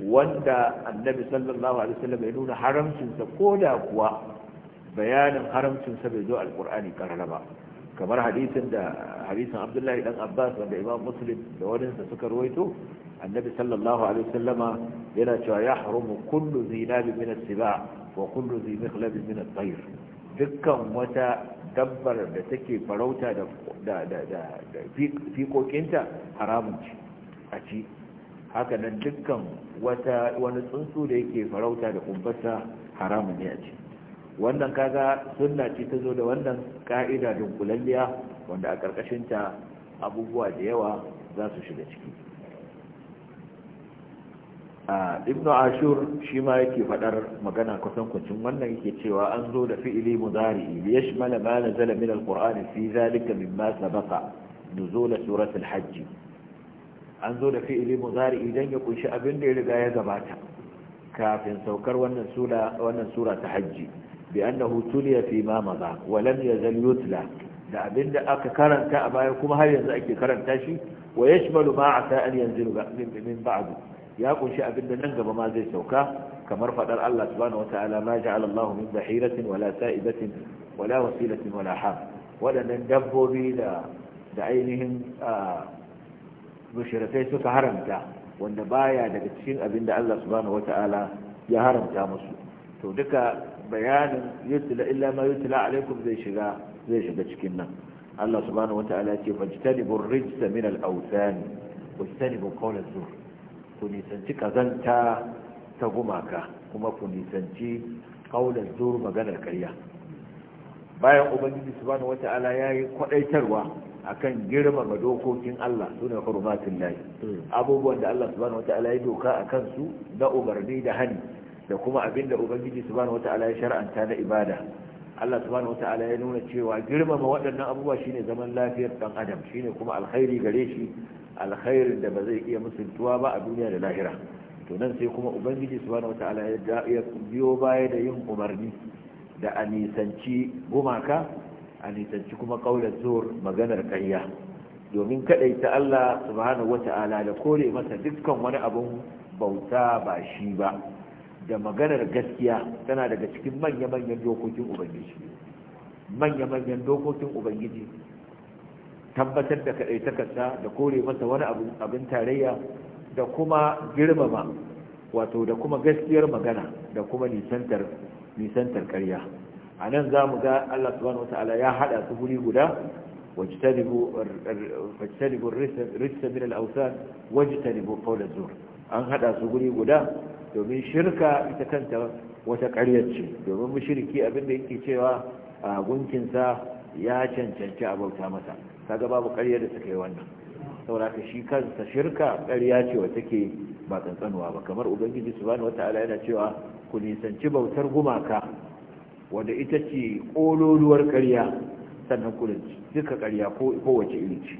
wanda annabi sallallahu alaihi wa sallama ya nuna haramcinsa ko da kuwa bayanin haramcinsa bai zo alkur'ani karara ba kamar hadisin da hadisin abdullahi dan abbas wanda imam muslim da waninsa suka ruwaito annabi sallallahu alaihi yana cewa ya haramu kullu zinabi min as-siba wa kullu zi mikhlab min at-tayr dukkan wata dabbar da take farauta da da da da fikokinta haramun a ci haka nan dukkan wata wani tsuntsu da yake farauta da kumbarsa haramun ne a ci wannan kaga sunna ce ta zo da wannan ka'ida dunkulalliya wanda a ta abubuwa da yawa za su shiga ciki a ibnu ashur shi ma yake faɗar magana kusan kuncin wannan yake cewa an zo da fi'ili mudari li yashmala ma nazala min alqur'ani fi zalika mimma sabaqa nuzul surat alhajj an zo da fi'ili mudari idan ya kunshi abin da ya riga ya gabata kafin saukar wannan sura wannan sura ta hajji bi annahu tuliya fi da abinda aka karanta a baya kuma har yanzu ake karanta shi wa yashmalu ma ata an yanzilu min ba'du ya kunshi abinda nan gaba ma zai sauka kamar faɗar Allah subhanahu wataala ma ja'ala Allahu min bahiratin wala sa'ibatin wala wasilatin wala ham wadannan dabbobi da da ainihin mushrikai suka haramta wanda baya daga cikin abinda Allah subhanahu wataala ya haramta musu to duka bayanin yutla illa ma yutla alaikum zai shiga zai shiga cikin nan Allah subhanahu wataala ya ce fajtanibu rijsa min al-awthan wajtanibu qawla zur ku nisanci kazanta ta gumaka kuma ku nisanci qawla zur maganar karya bayan ubangiji subhanahu wataala yayi kwadaitarwa akan girmama dokokin Allah sune hurumatin lahi hmm. abubuwan da Allah subhanahu wataala ya doka akan su na umarni da hani da kuma abinda ubangiji subhanahu wata'ala ya shar'anta na ibada Allah subhanahu wata'ala ya nuna cewa girmama waɗannan abubuwa shine zaman lafiyar dan adam shine kuma alkhairi gare shi alkhairin da ba zai iya musuntuwa ba a duniya da lahira to nan sai kuma ubangiji subhanahu wata'ala ya biyo baya da yin umarni da a nisanci gumaka a nisanci kuma kaular zuwar maganar ƙarya domin ta Allah subhanahu wata'ala da kore masa dukkan wani abun bauta ba shi ba da maganar gaskiya tana daga cikin manya-manyan dokokin ubangiji manya-manyan dokokin ubangiji tabbatar da kaɗai takarda da kore masa wani abin tarayya da kuma girmama wato da kuma gaskiyar magana da kuma nisantar nisantar karya a nan za mu ga allah subhanahu wa ta'ala ya haɗa su guri guda wajitanibu rissa min al'ausan wajitanibu faular zuwa an haɗa su guri guda domin shirka ita kanta wata ƙaryar ce domin mushriki abinda yake cewa a gunkinsa ya cancanci a bauta masa kaga babu karyar da suka yi wannan saboda shi kansa shirka ƙarya ce wata ke ba tsantsanuwa ba kamar ubangiji subhanahu wata'ala yana cewa ku nisanci bautar gumaka wanda ita ce ƙololuwar ƙarya sannan ku duka ƙarya kowace iri ce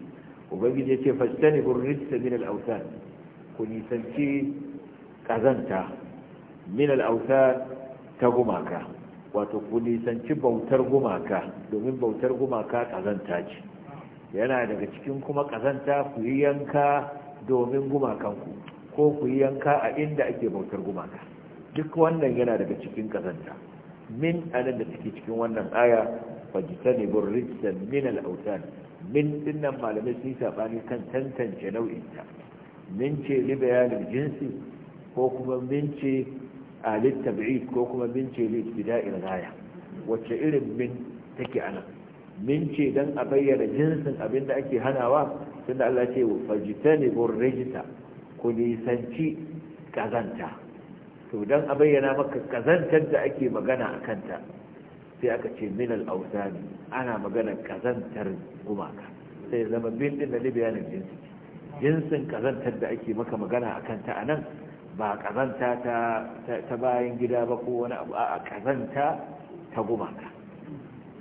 ubangiji ya ce fastani burritsa min al-awtan ku nisanci kazanta min al'autar ta gumaka wato ku nisanci bautar gumaka domin bautar gumaka kazanta ce yana daga cikin kuma kazanta ku yi yanka domin gumakanku ko ku yi yanka a inda ake bautar gumaka duk wannan yana daga cikin kazanta min anan da take cikin wannan aya fajitani burrijsa min al'autan min dinnan malamai sun saɓani kan tantance nau'in ta min ce li bayanin jinsi ko kuma mince a littab'id ko kuma mince litbida'il gaya wacce irin min take ana mince don a bayyana jinsin abin abinda ake hanawa tunda Allah ce wa ne fajitani burrijta ku nisanci kazanta to don a bayyana maka kazantar da ake magana a kanta sai aka ce min al-awsani ana magana kazantar gumaka sai zama bin din da bayanin jinsi jinsin Jinsin kazantar da ake maka magana a kanta a nan? ba kazanta ta bayan gida ba ko wani abu a kazanta ta gumaka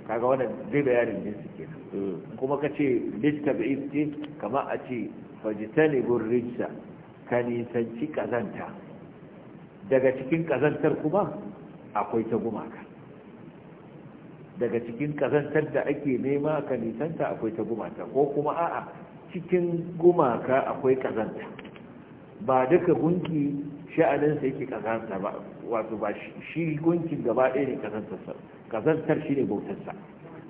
kaga wannan zai bayanin jinsi ke mm. kuma ka ce lista ba ce kama a ce fajitani gurrinsa ka nisanci kazanta daga cikin kazantar kuma akwai ta gumaka daga cikin kazantar da ake nema ka nisanta akwai ta gumaka ko kuma a'a cikin gumaka akwai kazanta ba duka gunki sha'aninsa yake kazanta ba wato ba shi gunkin gaba ɗaya ne kazantarsa kazantar shi ne bautarsa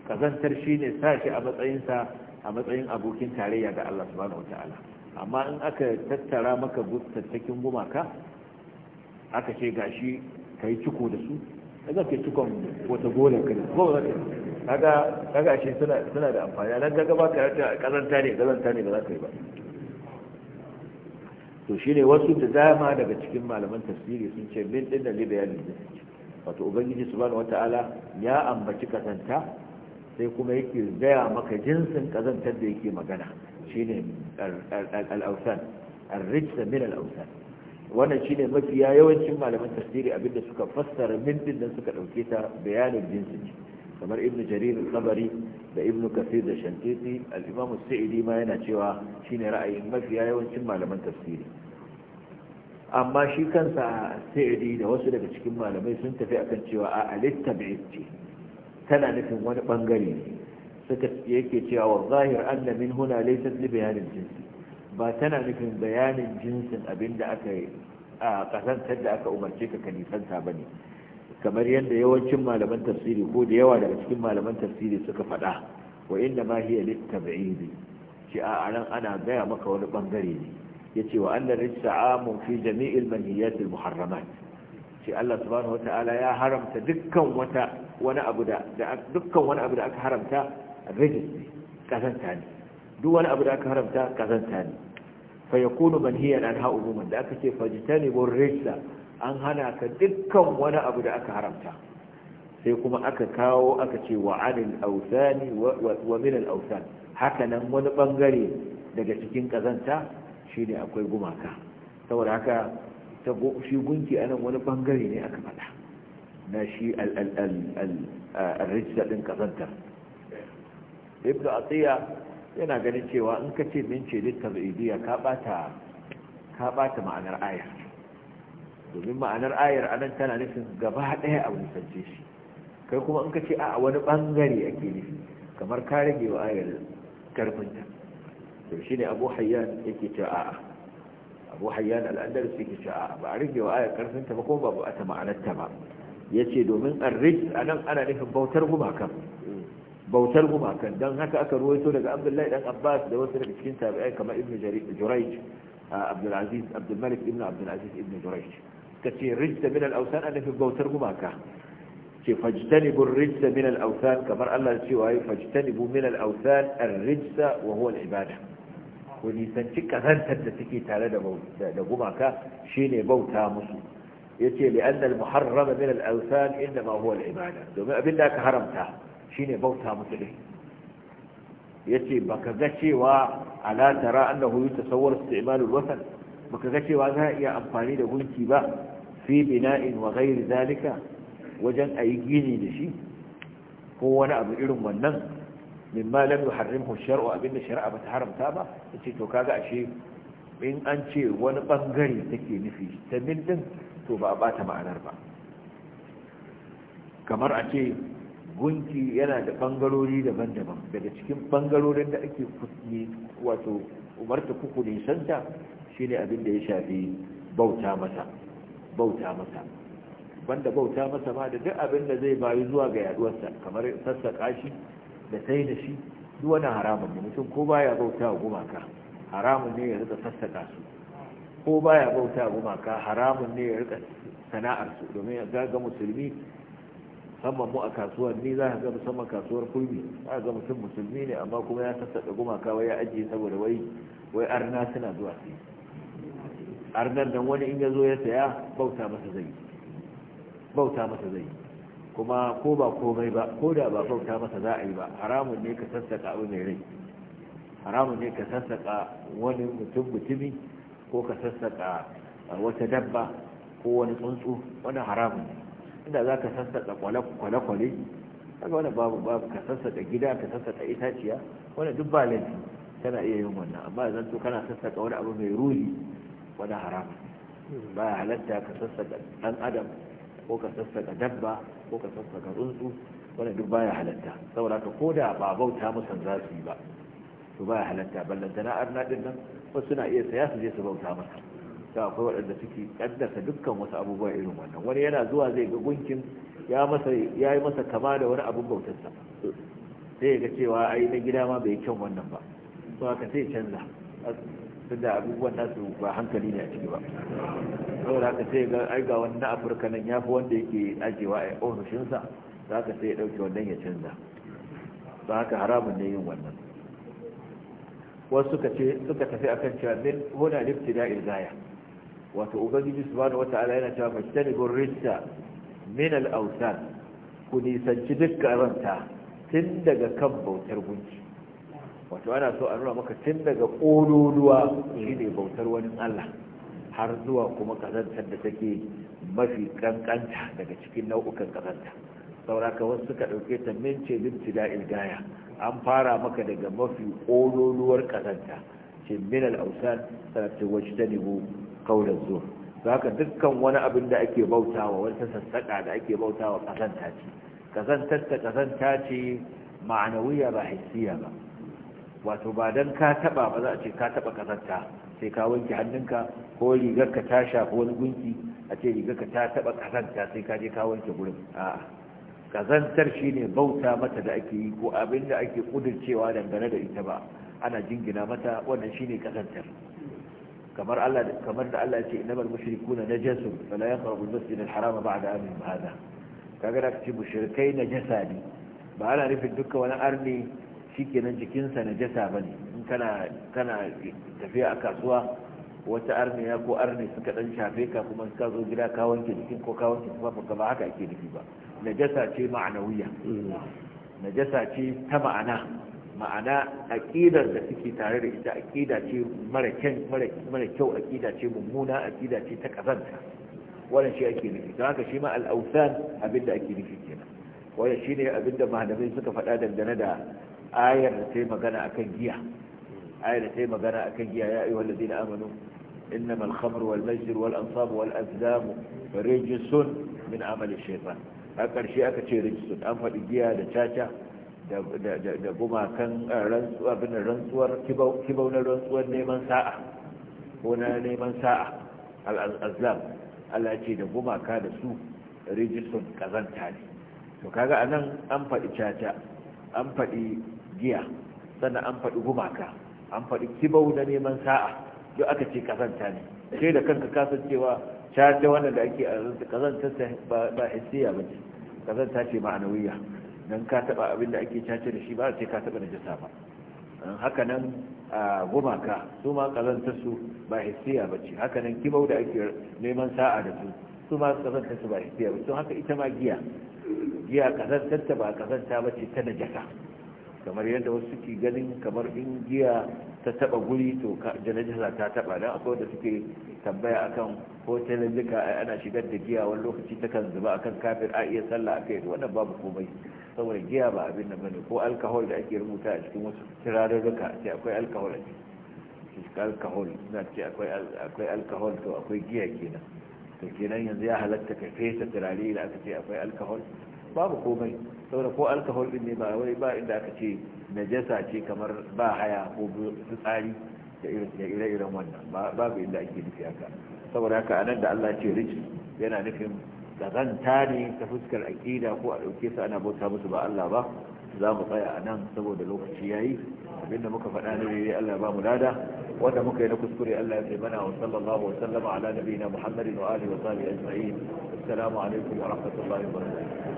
kazantar shi ne sa shi a matsayinsa a matsayin abokin tarayya ga Allah subhanahu wata'ala amma in aka tattara maka tattakin gumaka aka ce gashi ka yi ciko da su za ka yi cikon wata golar ka kaga kaga shi suna da amfani nan kaga ba ka yi kazanta ne kazanta ne ba za ka yi ba to shine wasu da dama daga cikin malaman tasiri sun ce min din da ne wato ubangiji subhanahu wata'ala ya ambaci kazanta sai kuma yake gaya maka jinsin kazantar da yake magana shine al-awsan ar-rijsa min al-awsan wannan shine mafiya yawancin malaman tafsiri abinda suka fassara min din suka dauke ta bayanin jinsin kamar ibnu jarir al-tabari da ibn kafir da shantiti al sa'idi ma yana cewa shine ra'ayin mafiya yawancin malaman tafsiri amma shi kansa sa'idi da wasu daga cikin malamai sun tafi akan cewa a alittabi'i tana nufin wani bangare suka yake cewa wa zahir anna min huna laysat li bayanin jinsi ba tana nufin bayanin jinsin abinda aka a kasantar da aka umarce ka ba bane kamar yadda yawancin malaman tafsiri ko da yawa daga cikin malaman tafsiri suka faɗa wa inda ma hiya littabi'idi shi a anan ana gaya maka wani bangare ne ya ce wa annar rijsa'amu fi jami'il manhiyat muharramat shi Allah subhanahu wata'ala ya haramta dukkan wata wani abu da dukkan wani abu da aka haramta rijis kazanta ne duk wani abu da aka haramta kazanta ne fa yakunu manhiyan an ha'u da aka ce fajitani fajtanibu rijsa an hana ka dukkan wani abu da aka haramta sai kuma aka kawo aka ce wa anil ausani wa min al ausan haka nan wani bangare daga cikin kazanta shine akwai gumaka saboda haka ta shi gunki anan wani bangare ne aka faɗa na shi al al al al rijsa din kazanta ibnu atiya yana ganin cewa in kace ce min ce ka bata ka bata ma'anar ayar domin ma'anar ayar anan tana nufin gaba ɗaya a nisance shi kai kuma in ka ce a wani bangare ake nufi kamar ka rage wa ayar karfinta to shi ne abu hayyan yake ce a'a abu hayyan al'adar su yake ce a'a ba a rage wa ayar karfinta ba kuma babu ata ma'anarta ba ya ce domin an rage a nan ana nufin bautar gumakan bautar gumakan don haka aka ruwaito daga abdullahi dan abbas da wasu daga cikin tabi'ai kamar ibn jurayj abdulaziz ابن ibn abdulaziz ibn جريج suka ce rijda min al-awsan an fi bautar gumaka ce fajtanibu rijda min al-awsan kamar Allah ya ce wai fajtanibu min al-awsan ar-rijda wa huwa al-ibada ko ci kazantar da suke tare da gumaka shine bauta musu yace li anna al-muharrama min al-awsan inma huwa al-ibada domin abin da ka haramta shine bauta musu din yace baka ga cewa ala tara annahu yatasawwar istimalul wasan baka ga cewa za a iya amfani da gunki ba fi bina'in wa ghairi zalika wajen ayi gini da shi ko wani abu irin wannan mimma lam yuharrimhu shar'u abinda shari'a bata haramta ba yace to kaga ashe in an ce wani bangare take nufi ta din to ba a bata ma'anar ba kamar a ce gunki yana da bangarori daban-daban daga cikin bangarorin da ake kusni wato umarta kuku nisanta shine abin da ya shafi bauta masa. bauta masa banda bauta masa ba da duk abin da zai bayu zuwa ga yaduwarsa kamar sassaƙa shi da sai da shi duk wani haramun ne mutum ko baya bauta wa gumaka haramun ne ya rika sassaƙa su ko baya bauta wa gumaka haramun ne ya rika sana'ar su domin ga ga musulmi musamman mu a kasuwar ni za ka ga musamman kasuwar kulmi za ga mutum musulmi ne amma kuma ya sassaka gumaka wai ya ajiye saboda wai wai arna suna zuwa sai arnar nan wani in ya zo ya saya bauta masa zai bauta masa zai kuma ko ba komai ba ko da ba bauta masa za a yi ba haramun ne ka sassaka abu mai rai haramun ne ka sassaka wani mutum mutumi ko ka sassaka wata dabba ko wani tsuntsu wani haramun ne inda za ka sassaka kwale-kwale kaga wani babu babu ka sassaka gida ka sassaka itaciya wani duk ba laifi iya yin wannan amma zan to kana sassaka wani abu mai ruri wani haram ba ya halatta ka sassaka dan adam ko ka sassaka dabba ko ka sassaka tsuntsu wani duk ba ya halatta saboda ka ko da ba bauta musu za su yi ba to ba ya halatta na'ar arna din nan wasu na iya saya su je su bauta masa ta akwai waɗanda suke kaddasa dukkan wasu abubuwa irin wannan wani yana zuwa zai ga gunkin ya yi masa kama da wani abun bautarsa sai ya ga cewa ai na gida ma bai kyan wannan ba to haka sai canza duk da abubuwan nasu ba hankali ne a ciki ba da haka sai ga aiga wani na afirka nan ya fi wanda yake ajewa a ofishinsa za ka sai ya ɗauke wannan ya canza ba haka haramun ne yin wannan wasu suka ce suka tafi akan cewa min huna da ilgaya wato ubangiji wata ala yana cewa fastani gurrista min al ku nisanci dukkan ranta tun daga kan bautar gunki wato ana so a nuna maka tun daga ƙololuwa ne bautar wani Allah har zuwa kuma ƙazantar da take mafi ƙanƙanta daga cikin nau'ukan kazanta sauraka wasu suka ɗauke ta mince binti da gaya an fara maka daga mafi ƙololuwar kazanta ce min al'ausan sanatun wacce ta nemo kaunar zuwa za ka dukkan wani abin da ake bautawa wata sassaƙa da ake bautawa ƙazanta ce ƙazantar ta ƙazanta ce ma'anawiya ba hissiya ba wato ba dan ka taba ba za a ce ka taba kazanta sai ka wanke hannunka ko rigar ka ta shafi wani gunki a ce rigar ka ta taba kazanta sai ka je ka wanke gurin a'a kazantar shine bauta mata da ake yi ko abin da ake kudircewa dangane da ita ba ana jingina mata wannan shine kazantar kamar Allah kamar da Allah ya ce innamal mushrikuuna najasun fala yaqrabu al-masjid al-harama ba'da amihim hada kaga da kace mushrikai najasa ne ba ana nufin dukkan wani arni shikenan jikinsa ba ne in kana kana tafiya a kasuwa wata arniya ko arni suka dan shafe ka kuma ka zo gida ka wanke jikin ko ka wanke tufafin ka ba haka ake nufi ba najasa ce ma'anawiya najasa ce ta ma'ana ma'ana aqidar da suke tare da ita aqida ce mara kyan mara kyau aqida ce mummuna aqida ce ta kazanta wannan shi ake nufi don haka shi ma al-awsan abinda ake nufi kenan wannan shine abinda malamai suka faɗa dangane da ayar da ta yi magana a kan giya ayar da ta yi magana a kan giya ya yi ayyuhal ladina amanu إنما الخمر والميسر والأنصاب والأزلام rijisun min عمل الشيطان a شيء aka ce rijisun an faɗi giya da gumakan eh, abin rantsuwar kibau na rantsuwar neman sa'a ko na neman sa'a al'azlam Allah ce da gumaka da su rijisun kazanta ne to kaga anan an faɗi caca an faɗi giya sannan an faɗi gumaka an faɗi kibau da neman sa'a duk aka ce kazanta ne sai da kanka kasancewa cace wannan da ake kazanta ba hissiya ba ce kazanta ce ma'anawiya don ka taɓa abin da ake cace da shi ba ce ka taɓa najasa ba haka nan gumaka su ma kazanta su ba hissiya ba ce haka nan kibau da ake neman sa'a da su su ma kazanta su ba hissiya ba ce haka ita ma giya giya kazantarta ba kazanta ba ce ta najasa kamar yadda wasu suke ganin kamar in giya ta taba guri to janajala ta taba don akwai wanda suke tambaya akan ko talallika ana shigar da giya wani lokaci ta kan zuba akan kafin a iya sallah akai wannan babu komai saboda giya ba abin da bane ko alkahol da ake rubuta a cikin wasu duka ce akwai alkahol a cikin alkahol na ce akwai alkahol to akwai giya kenan to kenan yanzu ya halatta ka fesa turare da aka ce akwai alkahol babu komai saboda ko alkahol din ne ba wai ba inda aka ce najasa ce kamar ba haya ko fitsari da ire-iren wannan ba babu inda ake nufi haka saboda haka anan da Allah ce rijis yana nufin kazanta ne ta fuskar aƙida ko a ɗauke su ana bauta musu ba Allah ba za mu tsaya a nan saboda lokaci ya yi abinda muka faɗa ne ne Allah ba mu dada wanda muka yi na kuskure Allah ya sai mana wa sallallahu wa sallama ala na Muhammadin wa alihi wa sahbihi ajma'in assalamu alaikum wa rahmatullahi wa barakatuh